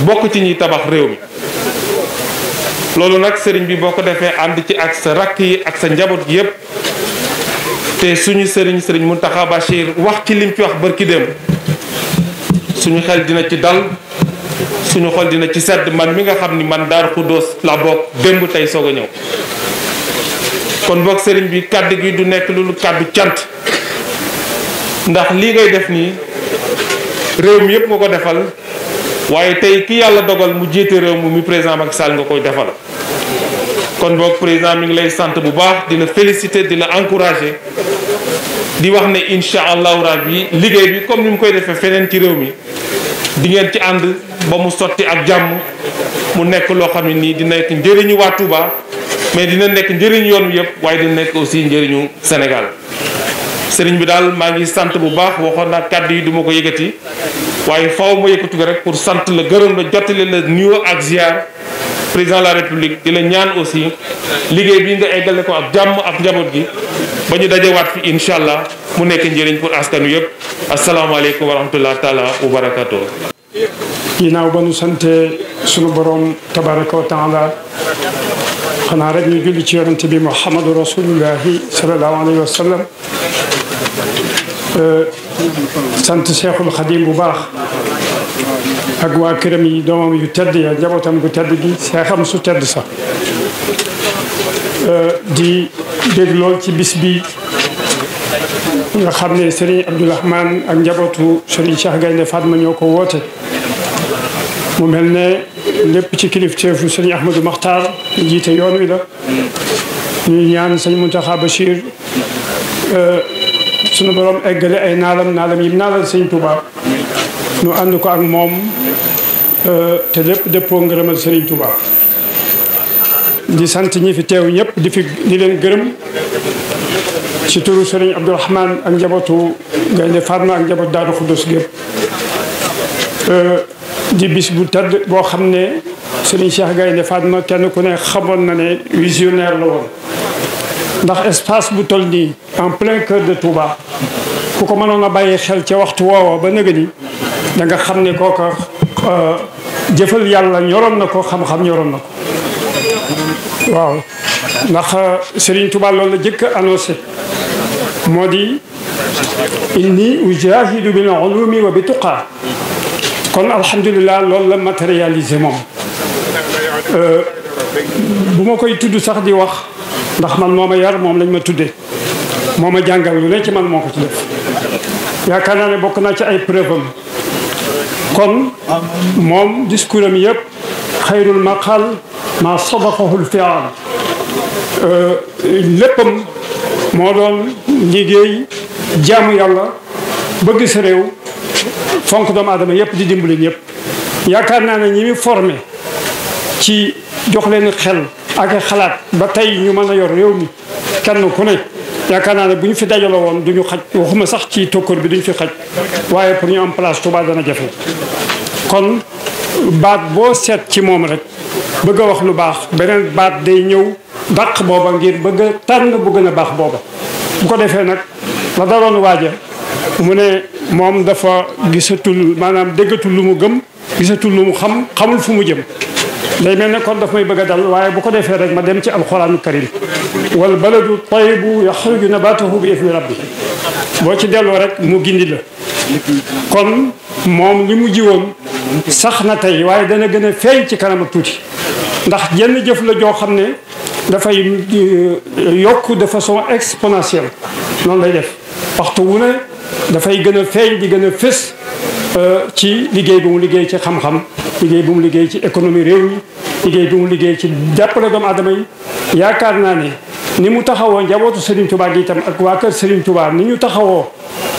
bokk ci ñuy tabax réew mi loolu nag sëriñ bi boo ko defee ànd ci ak sa rakk yi ak sa njaboot gi yépp te suñu sëriñ sëriñ Mountakha Bachir wax ci lim ci wax bërki démb suñu xel dina ci dal suñu xol dina ci sedd man mi nga xam ni man Daaru Xuddoos laa bokk démb tey soog a ñëw kon boog sëriñ bi kàddu gi du nekk lu kàddu cant ndax lii ngay def nii réew mi yëpp nga ko defal waaye tey ki yàlla dogal mu jiite réew mi mu président Macky Sall nga koy defal kon boog président mi ngi lay sant bu baax dina la dina di encourager di wax ne incha allahu bi liggéey bi comme ni mu koy defee feneen ci réew mi di ngeen ci ànd ba mu sotti ak jàmm mu nekk loo xam ne nii dina nekk njëriñu waa Touba mais dina nekk njëriñu yoon wi yëpp waaye dina nekk aussi njëriñu Sénégal sëriñ bi daal maa ngi sant bu baax waxoon naa kàddu yi du ma ko yëkkati waaye faaw ma yëkkatu ko rek pour sant la gërëm la jottali la nuyoo ak ziar président de la république di la ñaan aussi liggéey bi nga eggale ko ak jàmm ak njaboot gi ba ñu dajewaat fi incha allah mu nekk njëriñ pour askanu yëpp asalaamaaleykum wa rahmatullah taala wa barakatuh ginnaaw ba nu sante sunu borom tabaraka wa taala xanaa rek ñu julli ci yonent bi muhammadu rasulullahi salallahu alayhi wa sallam euh, sant cheikhul xadim bu baax ak waa këram yi doomam yu tedd ya njabootam gu tedd gi su tedd sa euh, di dégg lool ci bis bi xam ne Serigne Abdourahmane ak njabootu Serigne Cheikh Gaynde Fatma ñoo ko woote mu mel ne lépp ci kilifteefu Serigne Ahmadou Makhtar jiite yoon wi la ñuy ñaan Serigne Mountakha Bachir euh, sunu borom eggale ay naalam naalam yim naalal Serigne Touba ñu ànd ko ak moom euh, te lépp dëppoo ngërëmal Serigne Touba di sant ñi fi teew ñëpp di fi di leen gërëm ci turu Serigne Abdourahmane ak njabootu Gaynde Fatma ak njabootu Daaru Xuddus gépp euh, di bis bu tedd boo xam ne Serigne Cheikh Gaynde Fatma kenn ku ne xamoon na ne visionnaire la woon ndax espace bu toll nii en plein cœur de Touba ku ko mënoon a bàyyi xel ca waxtu woowa ba nëgë da xam ne kooka euh, jëfal yàlla ñoroon na ko xam-xam ñoroon na ko waaw ndax euh, Serigne Touba loolu la jëkk annoncé moo di inni ujahidu bil ulumi wa bi tuqa kon alhamdulilah lool la matérialisé moom euh, bu ma koy tudd sax di wax ndax man moo ma yar moom lañ ma tuddee moo ma jàngal lu ne ci man moo ko ci def yaakaar naa ne bokk naa ci ay preuve am kon moom discours am yëpp xayrul maqal ma sadaqahul fi'al euh, léppam moo doon liggéey jaamu yàlla bëgg sa réew fonk doomu aadama yëpp di dimbali ñëpp yaakaar naa ne ñi muy formé ci jox leen xel ak xalaat ba tey ñu mën a yor réew mi kenn ku ne yaakaar naa ne bu ñu fi dajaloo woon du ñu xaj waxuma sax ci tokkoor bi duñu fi xaj waaye pour ñu am place Touba dana jafe kon baat boo seet ci moom rek bëgg a wax lu baax beneen baat day ñëw dàq booba ngir bëgg a tànn bu gën a baax booba bu ko defee nag la daloon waaja mu ne moom dafa gisatul maanaam déggatul lu mu gëm gisatul lu mu xam xamul fu mu jëm day mel ne kon daf may bëgg a dal waaye bu ko defee rek ma dem ci alxuraanu karim wal baladu tayibu yaxruju nabatahu bi idni rabbi boo ci delloo rek mu gindi la moom li mu jiwoon sax na tey waaye dana gën a feeñ ci kanam tuuti ndax jenn jëf joo xam ne dafay euh, yokk de façon exponentielle noonu lay def waxtu wu dafay gën a feeñ di gën a fës ci liggéey bi mu liggéey ci xam-xam liggéey bi mu liggéey ci économie réew mi liggéey bi mu liggéey ci jàppale doomu aadama yi yaakaar naa ne ni mu taxawoo njabootu Serigne Touba gi itam ak waa kër Serigne Touba ni ñu taxawoo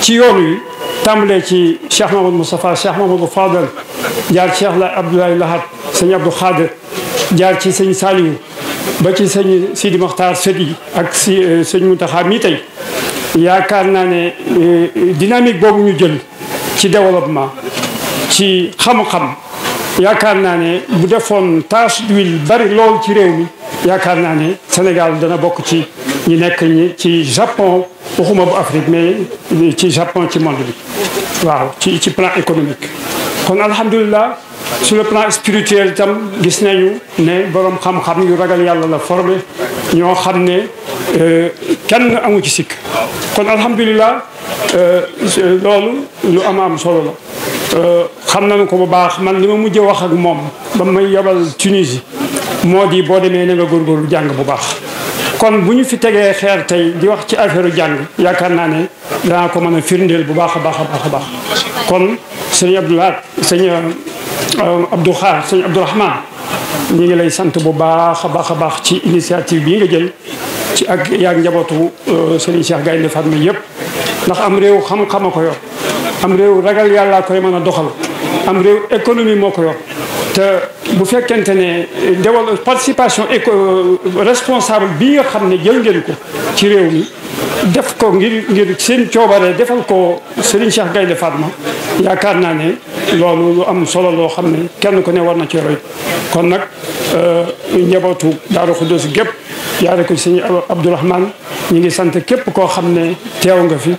ci yoon wi tàmbalee ci Cheikh Mamadou Moustapha Cheikh Mamadou Fadal jaar Cheikh Abdoulaye Lahad sëñ Abdou ci sëñ Saliou ba ci sëñ Sidi Mokhtar Sëdi ak si sëñ Mountakha mii tey yaakaar naa ne euh, dynamique boobu ñu jël. ci développement ci xam-xam yaakaar naa ne bu defoon tâche d'huile bari lool ci réew mi yaakaar naa ne Sénégal dana bokk ci ñi nekk ñi ci Japon waxuma bu Afrique mais ci Japon ci monde bi waaw ci ci plan économique kon alhamdulilah sur le plan spirituel itam gis nañu ne borom xam-xam yu ragal yàlla la formé ñoo xam ne euh, kenn amu ci sikk kon alhamdulilah euh, loolu lu am am solo la euh, xam nañu ko bu baax man li ma mujjee wax ak moom ba may yebal Tunisie moo di boo demee na góor góorgóorlu jàng bu baax kon bu ñu fi tegee xeer tey di wax ci affaire jàng yaakaar naa ne danaa ko mën a firndeel bu baax a baax a baax a baax kon sëñ Abdoulaye sëñ Abdou Xaar sëñ Abdourahman ñu ngi lay sant bu baax a baax a baax ci initiative bii nga jël ci ak yaa njabootu euh, Serigne Cheikh Gaynde Fatma yëpp ndax am réew xam-xam ko yor am réew ragal yàllaa koy mën a doxal am réew économie moo ko yor bu fekkente ne déwal participation éco responsable bi nga xam ne jël ngeen ko ci réew mi def ko ngir ngir seen coobaree defal ko Serigne Cheikh Gaynde Fatma yaakaar naa ne loolu lu am solo loo xam ne kenn ku ne war na ci kon nag euh, njabootu Daaru Xudoos gépp yaare ko sëñ Abdourahmane ñu ngi sant képp koo xam ne teew nga fi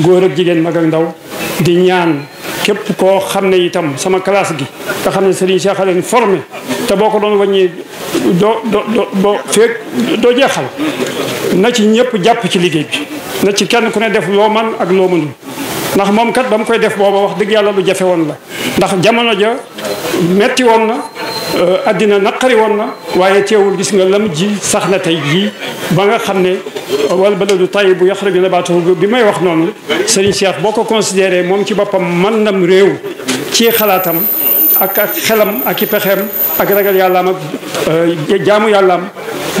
góor ak jigéen mag ndaw di ñaan képp koo xam ne itam sama classe gi nga xam ne Serigne Cheikh a leen formé te boo ko doon wàññi doo doo doo feeg doo jeexal na ci ñëpp jàpp ci liggéey bi na ci kenn ku ne def loo man ak loo mënul ndax moom kat ba koy def booba wax dëgg yàlla lu jafe woon la ndax jamono ja metti woon na addina euh, naqari woon na waaye teewul gis nga lam ji sax na tey jii ba nga xam ne wal baladu tayyibu yaxruju nabaatuhu bi may wax noonu Serigne Cheikh boo ko considéré moom ci boppam man nam réew ci xalaatam ak ak xelam ak i pexeem ak ragal yàllaam ak euh, jaamu yàllaam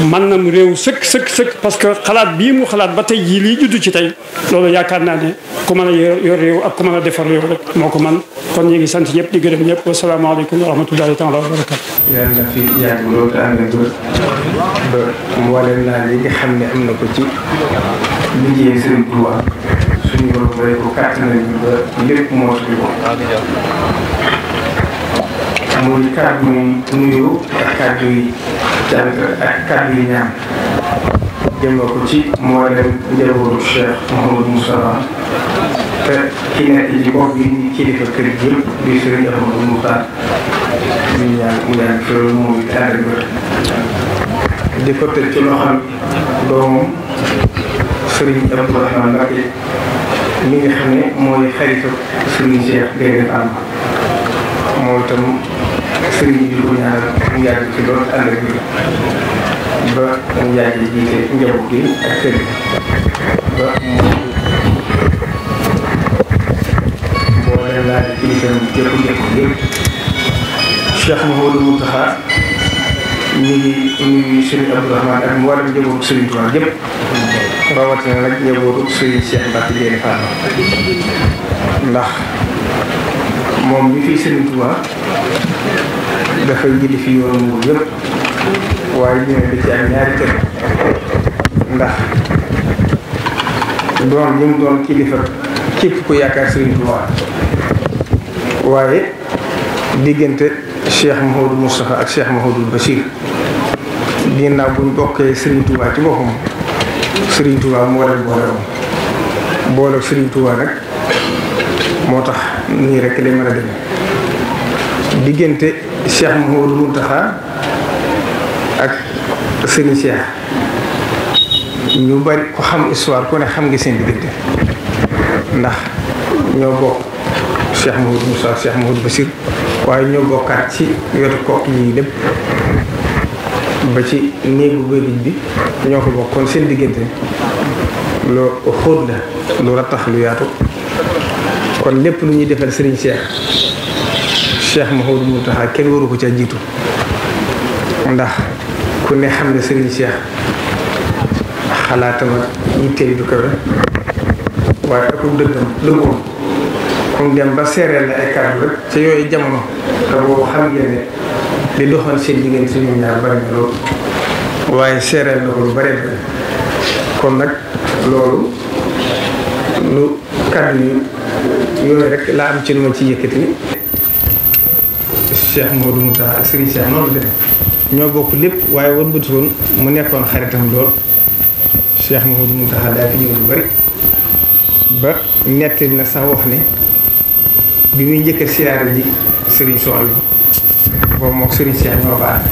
man na nam réew sëkk sëkk sëkk parce que xalaat bii mu xalaat ba tey jii lii judd ci tey loolu yaakaar naa ne ku mën a yor réew ak ku mën a defar réew rek moo ko man kon ñu ngi sant ñëpp di gërëm ñëpp wasalaamaaleykum wa rahmatullahi taala wa barakatu yàlla na fi yàgg loolu xam ne am na ko ci liggéey Sëriñ Tuubaa suñu moo suñu ko muy kàddu nuyoo ak kàddu yi cant ak kàddu yi ñaan jëmma ko ci mboolem njabootu Cheikh Mouhamadou Moustapha te ki nekk ci bopp bi ñu kilifa kër gi di Serigne Ahmadou Moukhtar ñu ñaan mu ñaan fi moom it ànd ak di ko tëj ci loxoom doomam Serigne Abdourahmane Mbacké mi nga xam ne mooy xaritu Serigne Cheikh Gaïndé Fatma moom itam. sëriñ bi di ko ñaanal mu yàgg ci loolu ànd ak ñun ba mu yàgg jiite njaboot gi ak kër gi ba mu boole laaj ci seen jëkku jëkku yëpp Cheikh Mouhamadou Mountakha ñu ngi nuyu Serigne Abdourahmane ak mboolem njabootu Serigne Touba yëpp rawatina nag njabootu Serigne Cheikh Mbacke Diène Fall ndax. moom bi fi Sëriñ Tuubaa dafay jëli fi yoonu yëpp waaye dina di ci am ñaari kër ndax doon li mu doon kilifa képp ku yaakaar Sëriñ Tuubaa waaye diggante Cheikh Mouhamadou Moustapha ak Cheikh Mouhamadou Bachir ginnaaw buñ bokkee moo leen boole woon boole Sëriñ Tuubaa nag moo tax nii rek lay mën a dem diggante Cheikh Mouhamadou Mountakha ak Serigne Cheikh ñu bari ko xam histoire ku ne xam ngi seen diggante ndax ñoo bokk Cheikh Mouhamadou Moussa Cheikh Mouhamadou Bassir waaye ñoo bokkaat ci wetu ko yi lépp ba ci néegu bëriñ bi ñoo ko bokkoon seen diggante lu xóot la lu rattax lu yaatu kon lépp lu ñuy defal Serigne Cheikh Cheikh Mouhamadou Mountakha kenn waru ko ca jiitu ndax ku ne xam ne Serigne Cheikh xalaatam yitteel du kawe waaye ak dëggam dëggoom kon dem ba seereel la ay kàddu rek ca yooyu jamono te xam ngeen ne li doxoon seen diggante si ñaar bari na loolu waaye seereel na ko lu kon nag loolu lu kàddu yi yooyu rek laa am ci lu ma ci yëkkati ni Cheikh Modou ak Serigne Cheikh noonu la def ñoo bokk lépp waaye woon bëtuwoon mu nekkoon xaritam lool Cheikh Modou fi ñëw lu bari ba nettali na sax wax ne bi muy njëkk a siyaare ji Serigne Soxla bi boobu moog Serigne Cheikh ñoo baax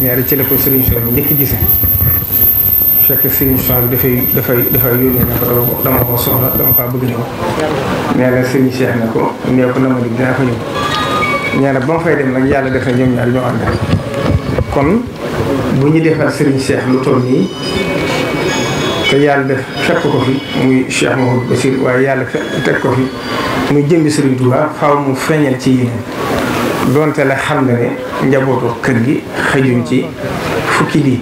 ñaari ci la ko Soxla bi njëkk gise fekk sëriñ Cheikh dafay dafay dafay yónnee ne ko dama ko soxla dama faa bëgg ñëw nee na sëriñ Cheikh ne ko nee na ma dig dinaa ko ñëw nee na ba ma fay dem nag yàlla def na ñoom ñaar ñoo ànd kon bu ñu defal sëriñ Cheikh lu toll nii te yàlla def fekk ko fi muy Cheikh Mahoud Bachir waaye yàlla fekk teg ko fi muy jëmbi sëriñ Touba faaw mu feeñal ci yéen donte la xam ne ne njabootu kër gi xëjuñ ci fukki di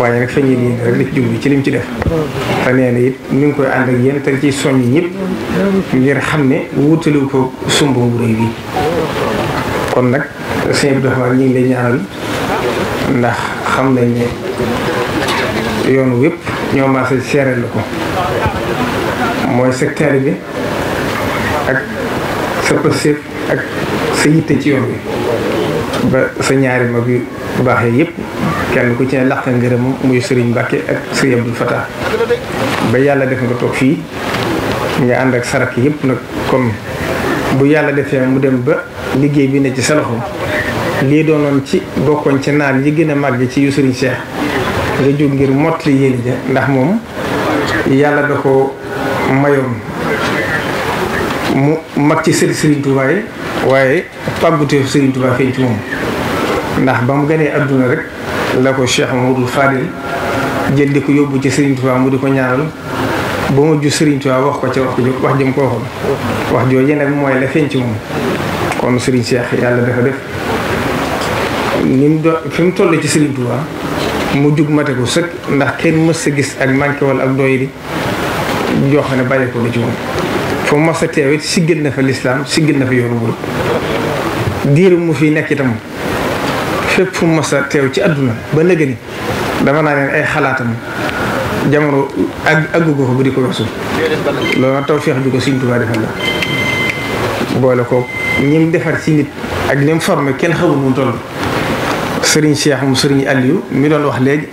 waaye nag feeñee lii rek li ci jublu ci lim ci def te nee na it ñu ngi koy ànd ak yéen te ci soññ ñëpp ngir xam ne wutaliw ko sumb bu rëy kon nag sëñ bi dafa ñu ngi ndax xam nañ yoon wépp ñoo maase seereel la ko mooy secteur bi ak sa pëstéef ak sa yitte ci yoon bi ba sa ñaari mag yu baaxee yëpp kenn ku ci ne laxte ngërëmam muy Serigne Mbacke ak Serigne Abdou Fatah ba yàlla def nga toog fii nga ànd ak sarak yëpp nag comme bu yàlla defee mu dem ba liggéey bi ne ci sa loxo lii doonoon ci bokkoon ci naan yi gën a màgg ci yu Serigne Cheikh nga jóg ngir mottali yéen ja ndax moom yàlla da ko mayoon mu mag ci sëri Serigne Touba waaye pàggutee Serigne Touba feeñ ci moom ndax ba mu gënee adduna rek. la ko Cheikh Mamadou Fadil jël di ko yóbbu ci Serigne Touba mu di ko ñaanal ba mujj Serigne Touba wax ko ca wax ko wax jëm ko waxoon wax jooju nag mooy la feeñ moom kon Serigne Cheikh yàlla dafa def ni mu do fi mu toll ci Serigne mu jug mate ko sëkk ndax kenn mës sa gis ak manqué ak doy di joo ne bàyyi ko lu ci moom fu mu mës a teewit siggal na fa lislaam siggal na fa yoonu bu diir mu fi nekk itam. fépp fu mas a teew ci àdduna ba nëgëni dama naa leen ay xalaatam jamono ak aggugo ko bu di ko weesu loolu tawfeex bi ko Sëriñ Tuubaa defal la boole ko ñim defar ci nit ak ñim formé kenn xamul mu toll sëriñ Cheikh mu sëriñ Aliou mi doon wax léegi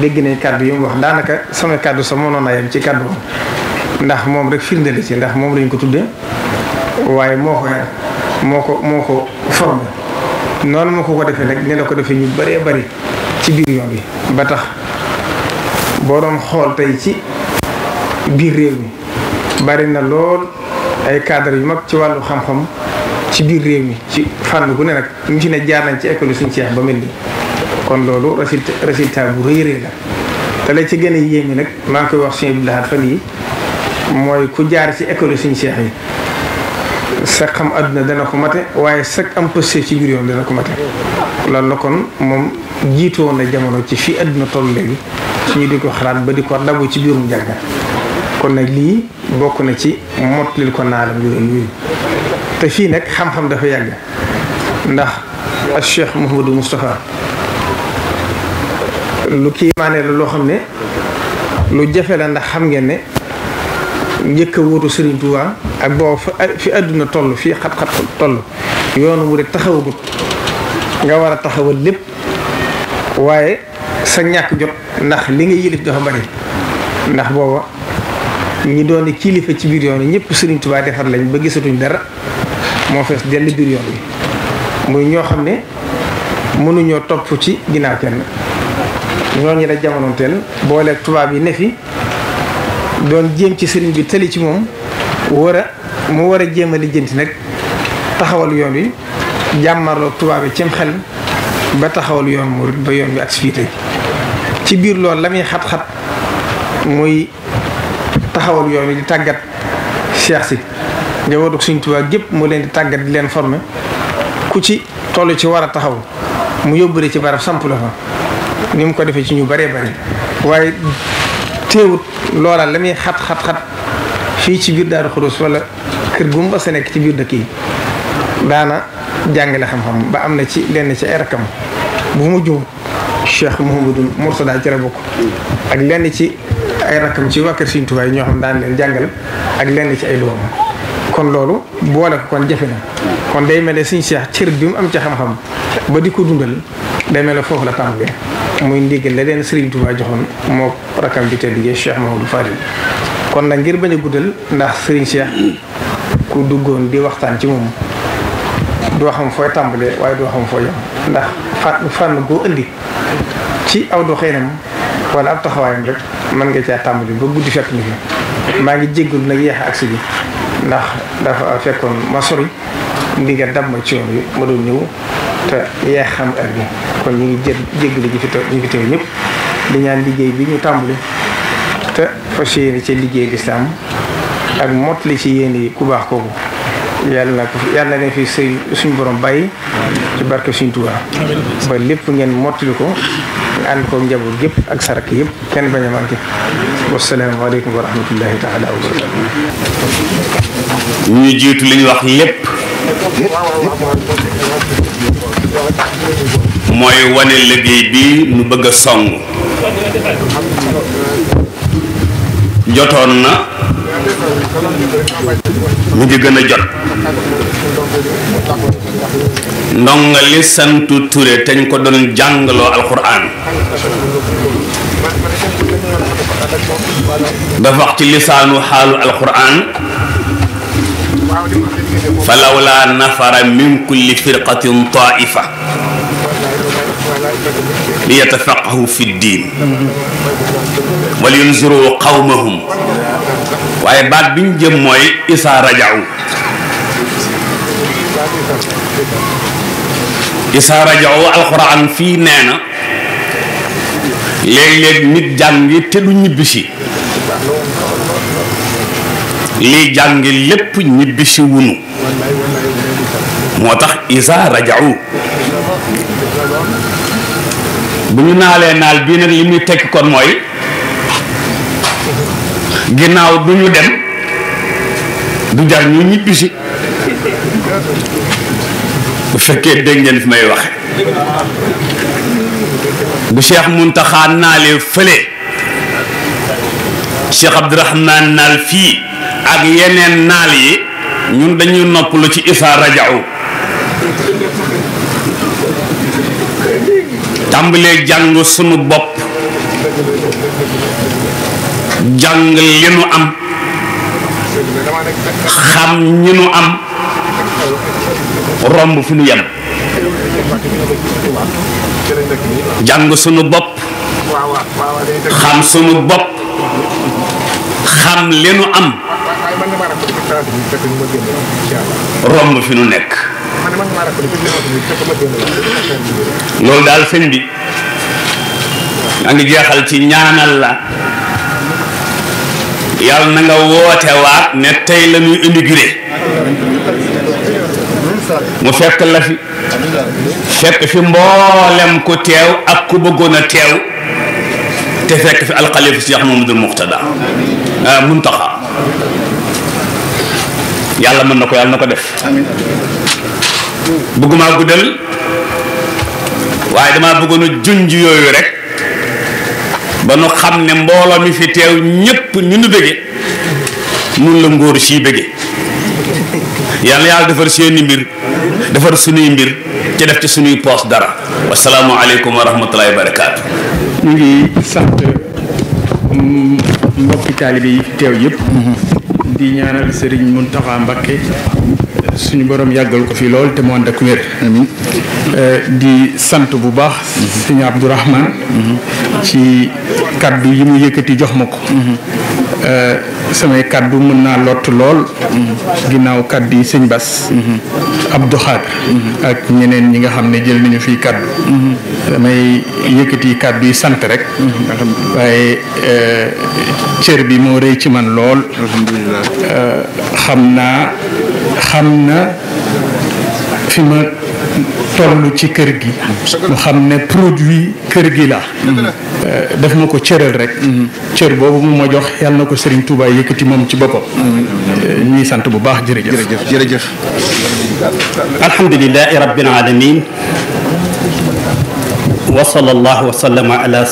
dégg nañ kàddu yi mu wax daanaka sama kàddu sa mënoon naa yem ci kàddu moom ndax moom rek firnde la ci ndax moom lañ ko tuddee waaye moo ko yar moo ko moo ko formé noonu ma ko ko defee nag ne la ko defee ñu baree bari ci biir yoon bi ba tax boo doon xool tey ci biir réew mi bari na lool ay cadre yu mag ci wàllu xam-xam ci biir réew mi ci fànn gu ne nag ñu ci ne jaar nañ ci école suñu ceex ba mel ni kon loolu résultat résultat bu rëy la te la ci gën a yéeme nag maa ngi koy wax suñu bilaat fan yi ku jaar ci école suñu ceex yi sa xam àdduna dana ko mate waaye sa am pëste ci biir yoon dana ko mate loolu la kon moom woon na jamono ci fii àdduna toll léegi ñu di ko xalaat ba di ko dabu ci biirum jàngat kon nag lii bokk na ci motlil ko naa yooyu te fii nag xam-xam dafa ndax ak Cheikh Mouhamadou Moustapha lu kii maanee la loo xam ne lu jafe la ndax xam ngeen ne njëkk a wuutu Serigne ak boo fi àdduna toll fii xat-xat toll yoonu mu de taxawagut nga war a taxawal lépp waaye sa ñàkk jot ndax li nga yilif dafa bari ndax booba ñi doon kilifa ci biir yoon yi ñëpp Serigne Touba defar lañ ba gisatuñ dara moo fees dell biir yoon yi muy ñoo xam ne mënuñoo topp ci ginnaaw kenn ñooñu la jamonoonteel booleeg tubaab yi ne fi doon jéem ci sëriñ bi tëli ci moom war a mu war a jéem a lijjanti nag taxawal yoon wi jàmmarloog tubaab yi cim xel ba taxawal yoon murit ba yoon bi ak fii tey ci biir loolu la muy xat-xat muy taxawal yoon wi di tàggat Cheikh si njabootu Sëriñ Tuubaa gépp mu leen di tàggat di leen forme ku ci toll ci war a taxaw mu yóbbu ci barab samp la fa ni mu ko defee ci ñu bëree bëri waaye teewut loolaal la muy xat xat xat fii ci biir Daaru Xudoos wala kër gu mu ba ci biir dëkk yi daana jàngale xam-xam ba am na ci lenn ci ay rakam bu mu jum Cheikh Mouhamadou Mourtada ci la bokk ci ay ci waa kër Sëriñ ñoo xam daan leen jàngal ak lenn ci ay luwam kon loolu boole ko kon jafe na kon day mel ne Sëriñ Cheikh cër bi mu am ci xam-xam ba di ko dundal day mel ne foofu la bi muy ndigal la leen Serigne Touba joxoon moo rakam bi tedd gi Cheikh Mahamadou Fadil kon nag ngir bañ a guddal ndax Serigne Cheikh ku duggoon di waxtaan ci moom doo xam fooy tàmbalee waaye doo xam fooy ndax fànn fànn boo indi ci aw doxinam wala ab taxawaayam rek man nga caa tàmbali ba guddi fekk ñu fi maa ngi jéggul nag yeex agsi bi ndax dafa fekkoon ma sori ndigal dab ma ci yoon ma doon ñëw te yaa xam ak bi kon ñu ngi jé jégalu ji fi toog ji fi ñëpp di ñaan liggéey bi ñu tàmbali te fas yéene ca liggéey lislaam ak motli ci yéen ku baax kooku yàlla na ko yàlla na fi sëy suñu bàyyi ci barke suñu Tuubaa ba lépp ngeen mottali ko ànd ko njaboot gépp ak sarak yëpp kenn bañ a manqué wasalaamaaleykum wa rahmatullahi taala wa ñu jiitu li wax lépp mooy wane liggéey bi nu bëgg a song jotoon na mu ngi gën a jot ndonga li santu Touré te ñu ko doon jàngaloo alxuraan dafa wax ci lisaanu xaalu alxuraan fa lawlaa nafara min kulli firqatin taifa li yatafaqahu fi diin wal yunzuru qawmahum waaye baat bi ñu jëm mooy isaa rajau isaa rajau alxuraan fii nee na léeg-léeg nit jàngi te du ñibbisi lii jàngi lépp ñibbisi wunu moo tax isa rajau bu ñu naalee naal bii nag li muy tekki kon mooy ginnaaw du ñu dem du jar ñu ñibbisi bu fekkee dégg ngeen fi may wax bu Cheikh Muntaxa naalee fële Cheikh Abdurahman naal fii ak yeneen naal yi ñun dañuy noppalu ci isa rajau tàmbalee jàng sunu bopp jàng li nu am xam ñi nu am romb fi nu yem jàng sunu bopp xam sunu bopp xam li am romb fi nu nekk loolu daal sëñ bi ngi jeexal ci ñaanal la yàlla na nga woote waat ne tey la ñuy immigré mu fekk la fi fekk fi mboolem ku teew ak ku bëggoon a teew te fekk fi alxalifa Cheikh Mamadou Muqtada ah, Muntaxa yàlla mën na ko yàlla na ko def bëgguma guddal waaye damaa bëggoon a junj yooyu rek ba nu xam ne mbooloo mi fi teew ñépp ñu nu bëgge nun la ngóor sii bëgge yàlla yàlla defar seeni mbir defar sunuy mbir ci def ci sunuy poos dara wasalaamu aleykum wa rahmatullahi wa barakaatu ñu ngi sant mm, mbokki taalibe yi teew yëpp mm-hmm. di ñaanal sëriñ Muntaxa Mbakke suñu borom yàggal ko fii lool te moo ànd ak wér. Euh, di sant bu baax. sëñ Abdourahman ci kaddu yi mu yëkkati jox ma ko. Euh, samay kaddu mën naa lott lool. ginnaaw kaddu yi sëñ Bas. Abdou Khadre ak ñeneen ñi nga xam ne jël nañu fii kaddu. damay yëkkati kaddu yi sant rek. waaye euh, cër bi moo rëy ci man lool. xam naa. xam na fi ma toll ci kër gi mu xam ne produit kër gi la euh, def ma ko cëral rek cër boobu mu ma jox yàlla na ko sëriñ Touba yëkkati moom ci boppam euh, ñuy sant bu baax jërëjëf jërëjëf alhamdulilahi rabbil alamin wa sallallahu wa sallama ala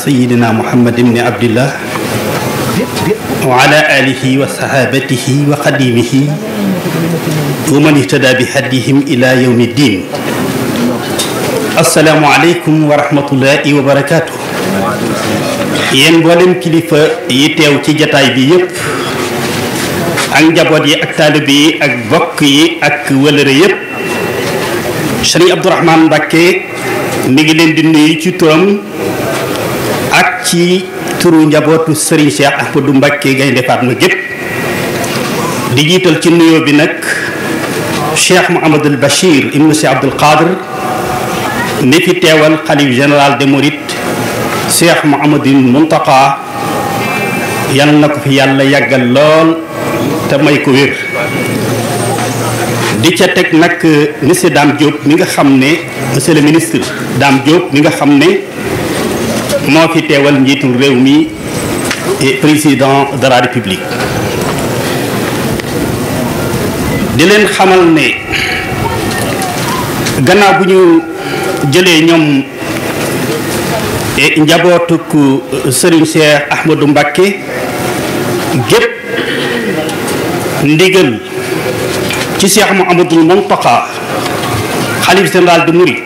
wa man ihtada bi haddihim ila yawmi ddin asalaamualeykum wa rahmatullahi wa barakaatu yéen mboolem kilifa yi teew ci jataay bi yépp ak njaboot yi ak taalibe yi ak bokk yi ak wëlëre yépp Sëriñ Abdourahmane Mbacké mi ngi leen di nuyu ci turam ak ci turu njabootu Sëriñ Cheikh Ahmadou Mbacké Gaynde Fatma gépp di jiital ci nuyoo bi nag Cheikh Mouhamadul Bachir ibnu si Abdul Qadir mi fi teewal xalif général de Mouride Cheikh Mouhamadul Mountakha yal na ko fi yàlla yàggal lool te may ko wér. di ca teg nag monsieur Dame Diop mi nga xam ne monsieur le ministre Dame mi nga xam ne moo fi teewal njiitu réew mi et président de la république. di leen xamal ne gannaaw bu ñu jëlee ñoom e, njabootuk uh, Serigne Cheikh Ahmadou Mbacké gépp ndigal ci Cheikh Mouhamadoul Mountakha xalif général de Mouride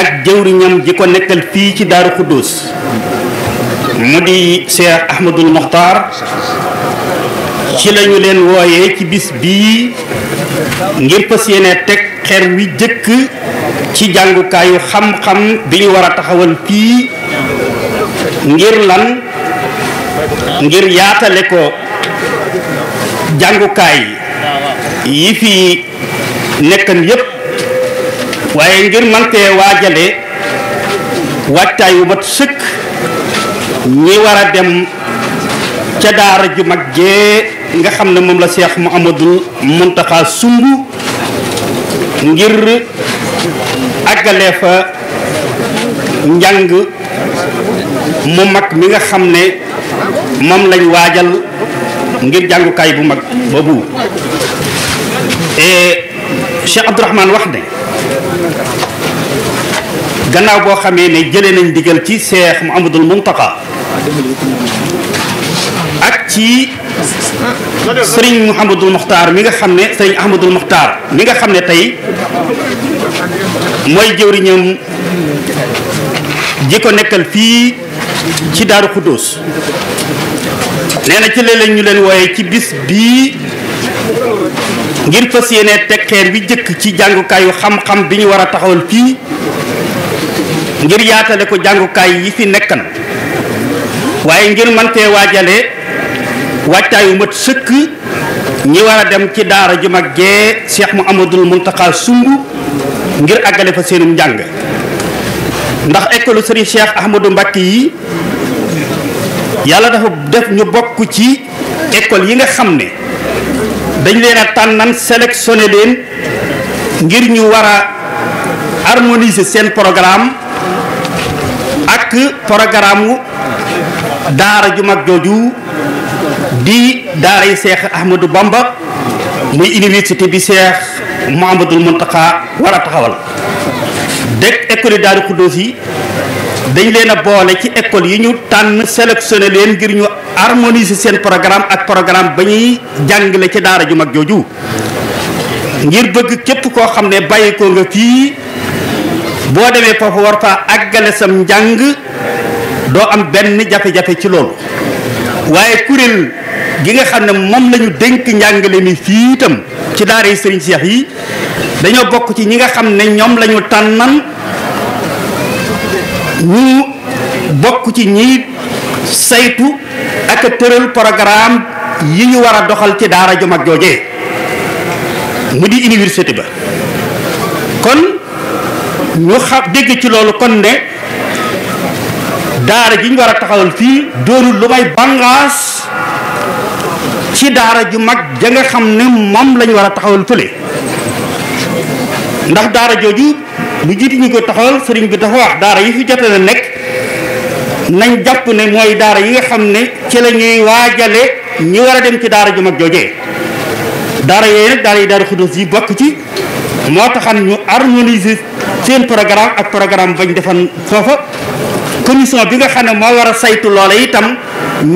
ak jëwriñam ji ko nekkal fii ci Daaru Xuddus mu di Cheikh Ahmadul Mokhtar ci lañu leen wooye ci bis bii ngir fas yéene teg xer wi jëkk ci jàngukaayu xam-xam bi ñu war a taxawal fii ngir lan ngir yaatale ko jàngukaay yi fi nekkan yépp waaye ngir mantee waajale waajtaay wu mat sëkk ñi war a dem ca daara ju mag jee nga xam ne moom la Cheikh Mouhamadul Mountakha sumb ngir àggale fa njàng mu mag mi nga xam ne moom lañ waajal ngir jàngukaay bu mag boobu e, Cheikh Abdourahmane wax ne gannaaw boo xamee ne jëlee nañ digal ci Cheikh Mouhamadul Mountakha ak ci sëriñ Mouhamadul Mokhtar mi nga xam ne sëriñ Ahmadul Mokhtar mi nga xam ne tey mooy jëwriñam ji ko nekkal fii ci Daaru Xuddoos nee na ci léeg ñu leen wooye ci bis bii ngir fas yéene teg xeer bi jëkk ci jàngukaayu xam-xam bi ñu war a taxawal fii ngir yaatale ko jàngukaay yi fi nekkan waaye ngir mën waajale wàccaay wu mat sëkk ñi war a dem ci daara ju mag jee Cheikh Mouhamadoul Mountakha sumb ngir àggale fa seenum njàng ndax école Serigne Cheikh Ahmadou Mbacké yi yàlla dafa def ñu bokk ci école yi nga xam ne dañ leen a tànnan sélectionné leen ngir ñu war a harmoniser seen programme ak programme daara ju mag jooju di daaray seex Ahmadou Bamba muy université bi seex Mouhamadul Mountakha war a taxawal dëkk école Daaru Xuddoos yi dañ leen a boole ci école yi ñu tànn sélectionné leen ngir ñu harmoniser seen programme ak programme ba ñuy jàngale ci daara ju mag jooju ngir bëgg képp koo xam ne bàyyi ko nga fii boo demee foofu war faa àggale sam njàng doo am benn jafe-jafe ci loolu waaye kuréel gi nga xam ne moom lañu dénk njàngale ni fii itam ci daara yi sëriñ Cheikh yi dañoo bokk ci ñi nga xam ne ñoom la ñu tànnan ñu bokk ci ñi saytu ak tëral programme yi ñu war a doxal ci daara ju mag joojee mu di université ba kon ñu xam dégg ci loolu kon ne daara ji ñu war a taxawal fii doonul lu may bàngaas ci daara ju mag ja nga xam ne moom lañu war a taxawal fële ndax daara jooju lu jiitu ñu ko taxawal sëriñ bi dafa wax daara yi fi jotee na nekk nañ jàpp ne mooy daara yi nga xam ne ci la ñuy waajale ñi war dem ci daara ju mag joojee daara yooyu nag daara yi daara xudus yi bokk ci moo taxam ñu harmoniser seen programme ak programme bañ defan foofa commission bi nga xam ne moo war a saytu loola itam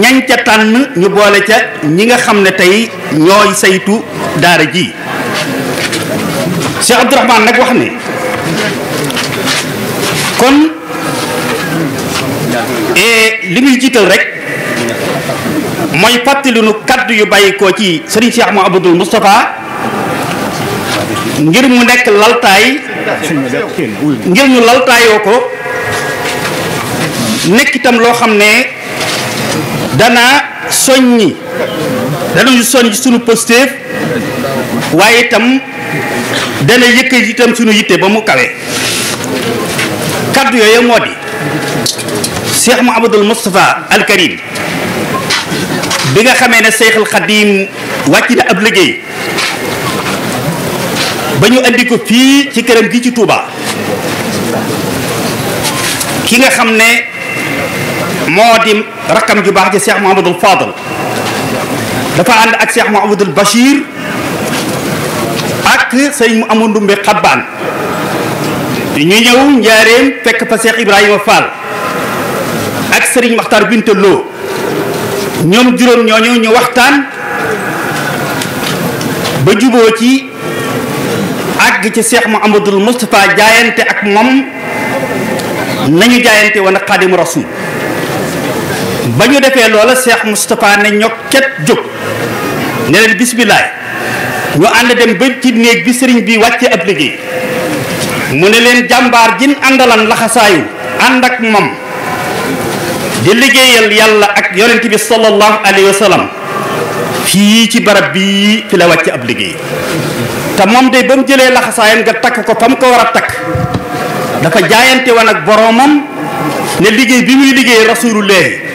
ñañ ca tànn ñu boole ca ñi nga xam ne tey ñooy saytu daara ji Cheikh Abdourahmane nag wax ne kon e li muy jiital rek mooy fàttali nu kaddu yu bàyyikoo ci Serigne Cheikh Mouhamadoul Moustapha ngir mu nekk laltaay ngir ñu laltaayoo ko nekk itam loo xam ne danaa dana danañu soññ suñu postéef waaye itam dana yëkkati itam suñu yitte ba mu kawe kaddu yooyu moo di Cheikh Mouhamadoul Moustapha Al Karim bi nga xamee ne Seyxul Xadim wàcc na ab liggéey ba ñu indi ko fii ci këram gi ci Touba ki nga xam ne moo di rakkam ju baax ci Cheikh Mouhamadul Fadal dafa ànd ak Cheikh Mouhamadul Bachir ak mu Amadou Ndumbe Xabbaan ñu ñëw njaareem fekk fa Cheikh Ibrahima Fall ak Serigne Makhtar Binta Lo ñoom juróom ñooñu ñu waxtaan ba juboo ci àgg ci Cheikh Mouhamadul Moustapha jaayante ak moom nañu jaayante woon ak Xaadimu Rasuul ba ñu defee loola Cheikh Moustapha ne ñokket jóg ne leen bisimilaay ñu ànd dem ba ci néeg bi sëriñ bi wàcce ab liggéey mu ne leen jàmbaar jin àndalan laxasaayu ànd ak moom di liggéeyal yàlla ak yonent bi sallallahu alayhi wa sallam fii ci barab bi fi la wàcce ab liggéey te moom de ba mu jëlee laxasaayam nga takk ko fa mu ko war a takk dafa jaayante woon ak boroomam ne liggéey bi muy liggéey rasulullahi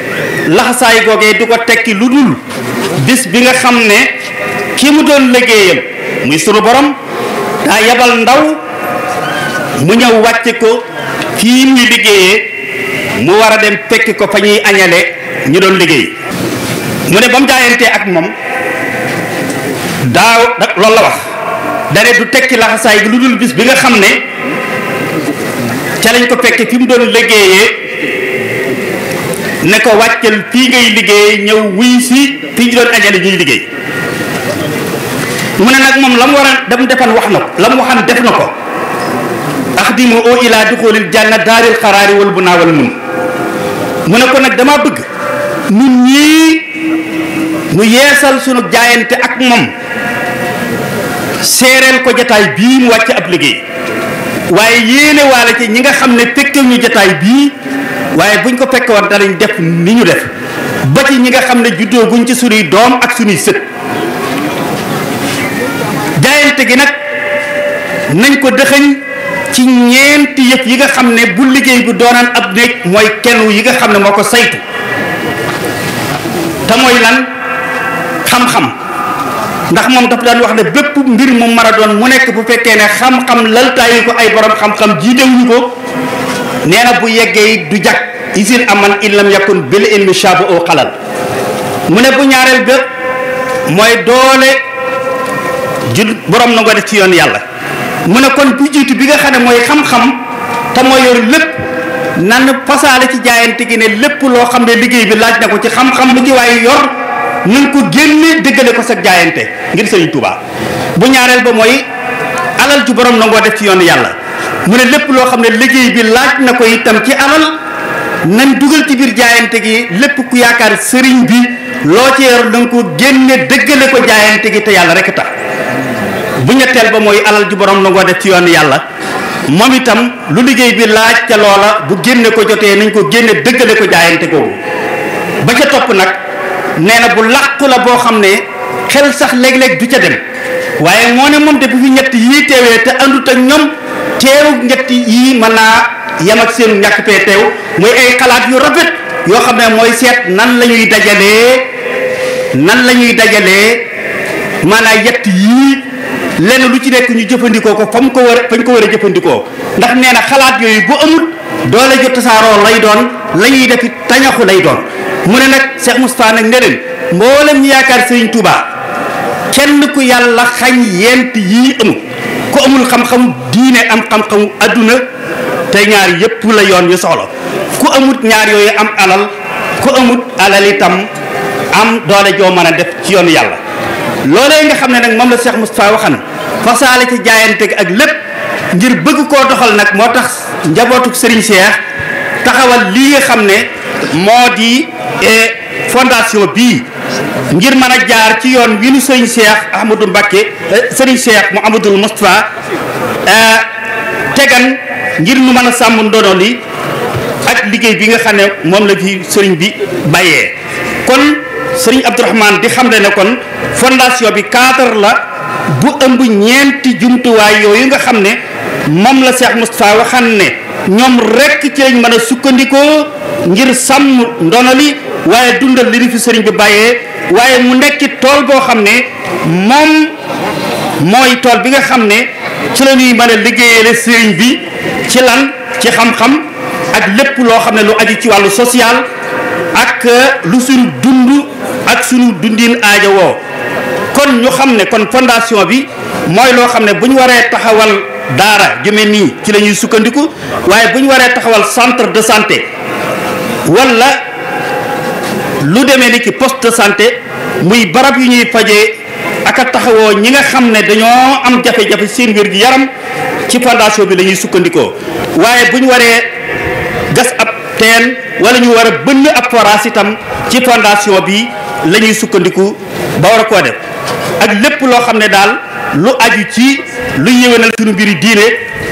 laxasaay googee du ko tekki lu dul bis bi nga xam ne ki mu doon liggéeyal muy sunu borom daa yabal ndaw mu ñëw wàcce ko kii muy liggéeyee mu war a dem fekki ko fa ñuy añale ñu doon liggéey mu ne ba mu jaayantee ak moom daaw loolu la wax dane du tekki laxasaay gi lu dul bis bi nga xam ne ca lañ ko fekke fi mu doon liggéeyee ne ko wàccal fii ngay liggéey ñëw wuy si fii ñu doon añale ñuy liggéey mu ne nag moom la mu war a defal wax na la mu waxan def na ko axdimu o ila duxulil janna daaril xaraari wal bu naawal mun mu ne ko nag dama bëgg ñun ñii mu yeesal sunu jaayante ak moom seereel ko jataay bii mu wàcc ab liggéey waaye yéene waale ñi nga xam ne fekke ñu jataay bii waaye buñ ko fekk woon danañ def ni ñu def ba ci ñi nga xam ne juddoo guñ ci sunuy doom ak sunuy sët jaayante gi nag nañ ko dëxëñ ci ñeenti yëf yi nga xam ne bu liggéey bu doonaan ab néeg mooy kenn yi nga xam ne moo ko saytu te mooy lan xam-xam ndax moom dafa daan wax ne bépp mbir mu mara doon mu nekk bu fekkee ne xam-xam laltaayu ko ay borom xam-xam jiitewuñu ko nee na bu yeggee du jag isin aman illam yakun bil ilmi shaabu aw xalal mu ne bu ñaareel ba mooy doole ju boroom na ko def ci yoon yàlla mu ne kon jiitu bi nga xam ne mooy xam-xam te moo yor lépp nan fasaale ci jaayante gi lépp loo xam ne liggéey bi laaj na ko ci xam-xam lu ci waaye yor nañ ko génne ko sa jaayante ngir Sëriñ Tuubaa bu mooy alal ju borom nangoo def ci yoon yàlla mu ne lépp loo xam ne liggéey bi laaj na ko itam ci alal nañ dugal ci biir jaayante gi lépp ku yaakaar sëriñ bi loo ci yor da nga ko génne dëggale ko jaayante gi te yàlla rek tax bu ñetteel ba mooy alal ju la nangoo def ci yoonu yàlla moom itam lu liggéey bi laaj ca loola bu génne ko jotee nañ ko génne dëggale ko jaayante googu ba ca topp nag nee na bu làqu la boo xam ne xel sax léeg-léeg du ca dem waaye moo ne moom de bu fi ñett yii teewee te àndut ak ñoom teeru ñett yii mën naa yam ak seenu ñàkk pee teew muy ay xalaat yu rafet yoo xam ne mooy seet nan lañuy dajale nan la ñuy dajalee maanaam yett yii lenn lu ci nekk ñu jëfandikoo ko fa mu ko war fañ ko war a jëfandikoo ndax nee na xalaat yooyu bu amul doole ju tasaaroo lay doon la ñuy def it tañaxu lay doon mu ne nag Cheikh Moustapha nag ne mboolem ñu yaakaar Serigne Touba kenn ku yàlla xañ yent yii amul ku amul xam-xamu diine am xam-xamu adduna te ñaar yëpp la yoon wi soxla ku amut ñaar yooyu am alal ku amut alal itam am doole joo mën a def ci yoonu yàlla loolee nga xam ne nag moom la Cheikh Moustapha waxan fasaale ci jaayante ak lépp ngir bëgg koo doxal nag moo tax njabootuk Serigne Cheikh taxawal lii nga xam ne moo di e, fondation bii ngir mën a jaar ci yoon wi nu Serigne Cheikh Ahmadou Mbacké e, Serigne Cheikh Mouhamadoul Moustapha e, tegan ngir mu mën a sàmm ndono li ak liggéey bi nga xam ne moom la fi sëriñ bi bàyyee kon sëriñ Abdourahmane xamle ne kon fondation bi cadre la bu ñeenti jumtuwaay yooyu nga xam ne moom la Cheikh Moustapha waxan ne ñoom rekk ci lañ mën a sukkandikoo ngir sàmm ndono li waaye dundal li fi sëriñ bi bàyyee waaye mu nekki tool boo xam ne moom mooy tool bi nga xam ne ci la ñuy a liggéeyale sëriñ bi ci lan ci xam-xam ak lépp loo xam ne lu aji ci wàllu social ak euh, lu suñu dund ak suñu dundin aajo woo kon ñu xam ne kon fondation bi mooy loo xam ne bu ñu waree taxawal daara ju nii ci lañuy sukkandiku waaye bu ñu waree taxawal centre de santé wala lu demee ni ki poste de santé muy barab yu ñuy fajee ak a taxawoo ñi nga xam ne dañoo am jafe-jafe seen wér gi yaram ci fondation bi la ñuy sukkandikoo waaye bu ñu waree gas ab teen wala ñu war a bënn ab forage itam ci fondation bi lañuy sukkandiku ba war a koo def ak lépp loo xam ne daal lu aju ci lu la suñu mbiri diine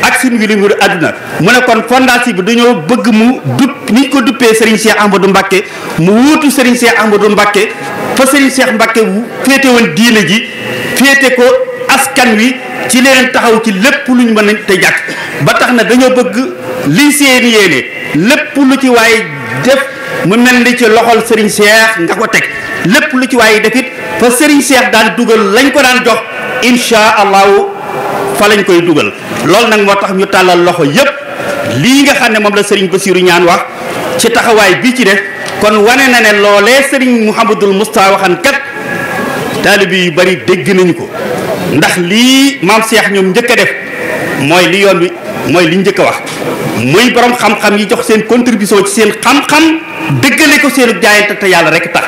ak suñu mbiri mbiru àdduna mu ne kon fondation bi dañoo bëgg mu dupp ni ñu ko duppee Serigne Cheikh Amadou Mbacké mu wuutu Serigne Cheikh Amadou Mbacké fa Serigne Cheikh Mbacké féete woon diine ji féete ko askan wi ci leen taxaw ci lépp luñ mën a te jàkk ba tax na dañoo bëgg li seen yéene lépp lu ci waaye def mu mel ni ci loxol Serigne Cheikh nga ko teg lépp lu ci waaye def it fa Serigne Cheikh daan dugal lañ ko daan jox insha allahu fa lañ koy dugal loolu nag moo tax ñu tàllal loxo yépp lii nga xam ne moom la Serigne Bassirou ñaan wax ci taxawaay bii ci def kon wane na ne loolee Serigne Mouhamadul Moustapha waxan kat taalibi yu bari dégg nañu ko ndax lii maam Cheikh ñoom njëkk a def mooy li yoon wi mooy li njëkk a wax muy borom xam-xam yi jox seen contribution ci seen xam-xam dëggale ko seenu jaayante te yàlla rek tax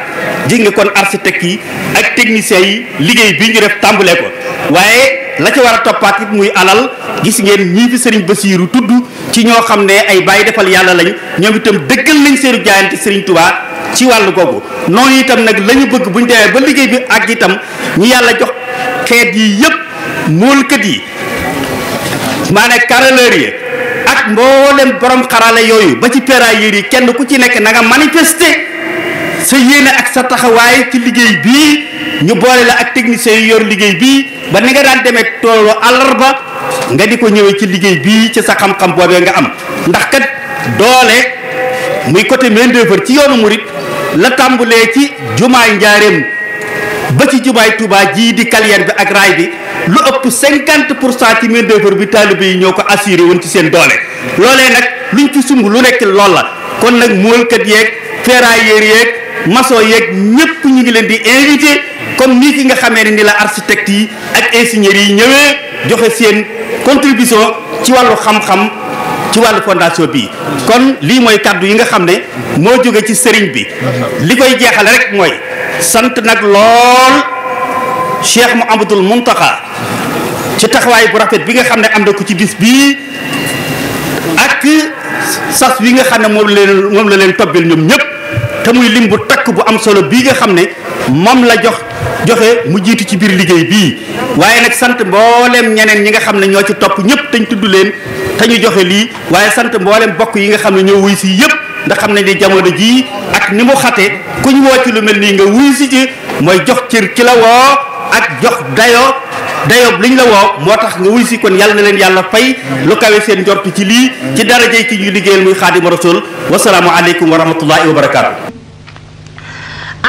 ji nga kon architecte yi ak technicien yi liggéey bii ñu def tàmbalee ko waaye la ci war a toppaat it muy alal gis ngeen ñii fi sëriñ Basiiru tudd ci ñoo xam ne ay bàyyi defal yàlla lañ ñoom itam dëggal nañ seenu jaayante sëriñ Tuubaa ci wàll googu noonu itam nag la bëgg bu ñu demee ba liggéey bi ak itam yàlla jox xeet yi yëpp muulkat yi maanaam carreleur yi ak mboolem borom xarala yooyu ba ci ferrailleur yi kenn ku ci nekk nanga nga sa yéene ak sa taxawaay ci liggéey bii ñu boole la ak techniciens yu yor liggéey bii ba ni nga daan demee toolu àllarba nga di ko ñëwee ci liggéey bii ci sa xam-xam boobee nga am ndax kat doole muy côté main d'œuvre ci yoonu murit la tàmbulee ci jumaa njaareem ba ci jubaay Touba jii di carrière bi ak raay bi lu ëpp cinquante pour cent ci main bi taalibe yi ñoo ko assuré woon ci seen doole loolee nag luñ ci sumb lu nekk lool la kon nag moolkat yeeg ferrailleur yeeg maçon yeeg ñëpp ñu ngi leen di invité comme nii ki nga xamee ne ni la architecte yi ak ingénieurs yi ñëwee joxe seen contribution ci wàllu xam-xam ci wàllu fondation bi kon lii mooy kàddu yi nga xam ne moo jóge ci sëriñ bi li koy jeexal sant nag lool Cheikh Mouhamadoul Mountakha ci taxawaay bu rafet bi nga xam ne am na ko ci bis bii ak sas wi nga xam ne moom leen moom la leen tobbil ñoom ñëpp te muy lim bu takk bu am solo bii nga xam ne moom la jox joxe mu jiitu ci biir liggéey bii waaye nag sant mbooleem ñeneen ñi nga xam ne ñoo ci topp ñëpp tañ tudd leen te ñu joxe lii waaye sant mboolem bokk yi nga xam ne ñoo wuy si yëpp ndax xam nañ ne jamono jii ni mu xate ku ñu woo ci lu mel nii nga wuy si ci mooy jox cër ki la woo ak jox dayoo dayoo li ñu la woo moo tax nga wuy si kon yàlla na leen yàlla fay lu kawe seen njort ci lii ci darajey ki ñuy liggéeyal muy xaadima rasul wasalaamu aleykum wa rahmatullahi wa barakaatu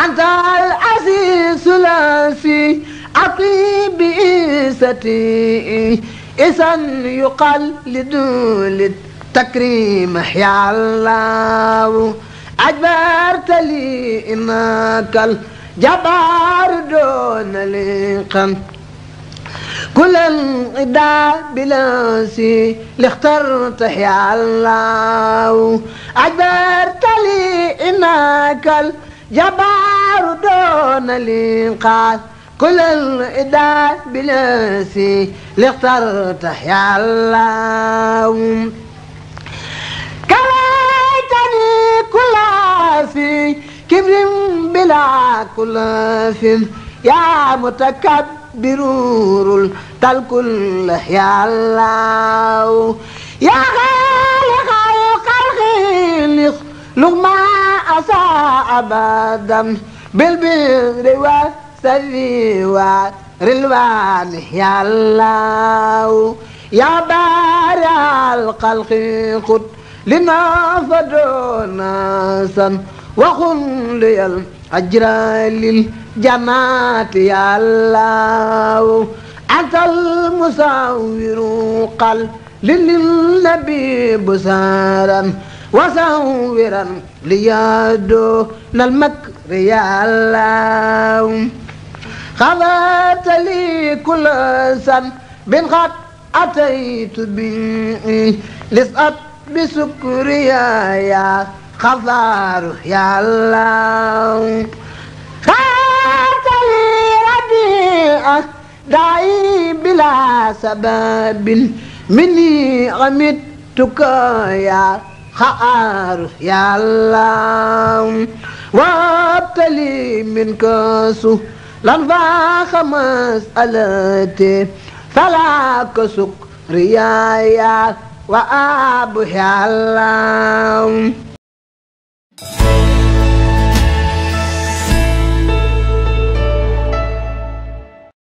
أنت العزيز الأنفي أقيم بإيستي إذن يقال لدول التكريم يا الله أجبرت لي إماك الجبار دون لقم كل الغداء بلاسي اللي اخترت يا الله أجبرت لي إنك الجبار دون الإنقاذ كل الغداء بلاسي اللي اخترت يا الله كلام كلافي كبر بلا كلاف يا متكبر تلك يا الله يا خالق الخلق لغما أساء أبدا بالبر والسر والرلوان يا الله يا بارع الخلق قد لنا فدونا سن وخن لي الأجر للجنات يا الله أنت المساور قل للنبي بسارا وساورا ليادو للمكر يا الله خذت لي كل سن بن قد أتيت به لسأت بسكريا يا خضار يا الله خاتلي ربيعك دعي بلا سبب مني غمدتك يا خار يا الله وابتلي منك سهلا خمس ألتي فلا كسك ريايا wa abu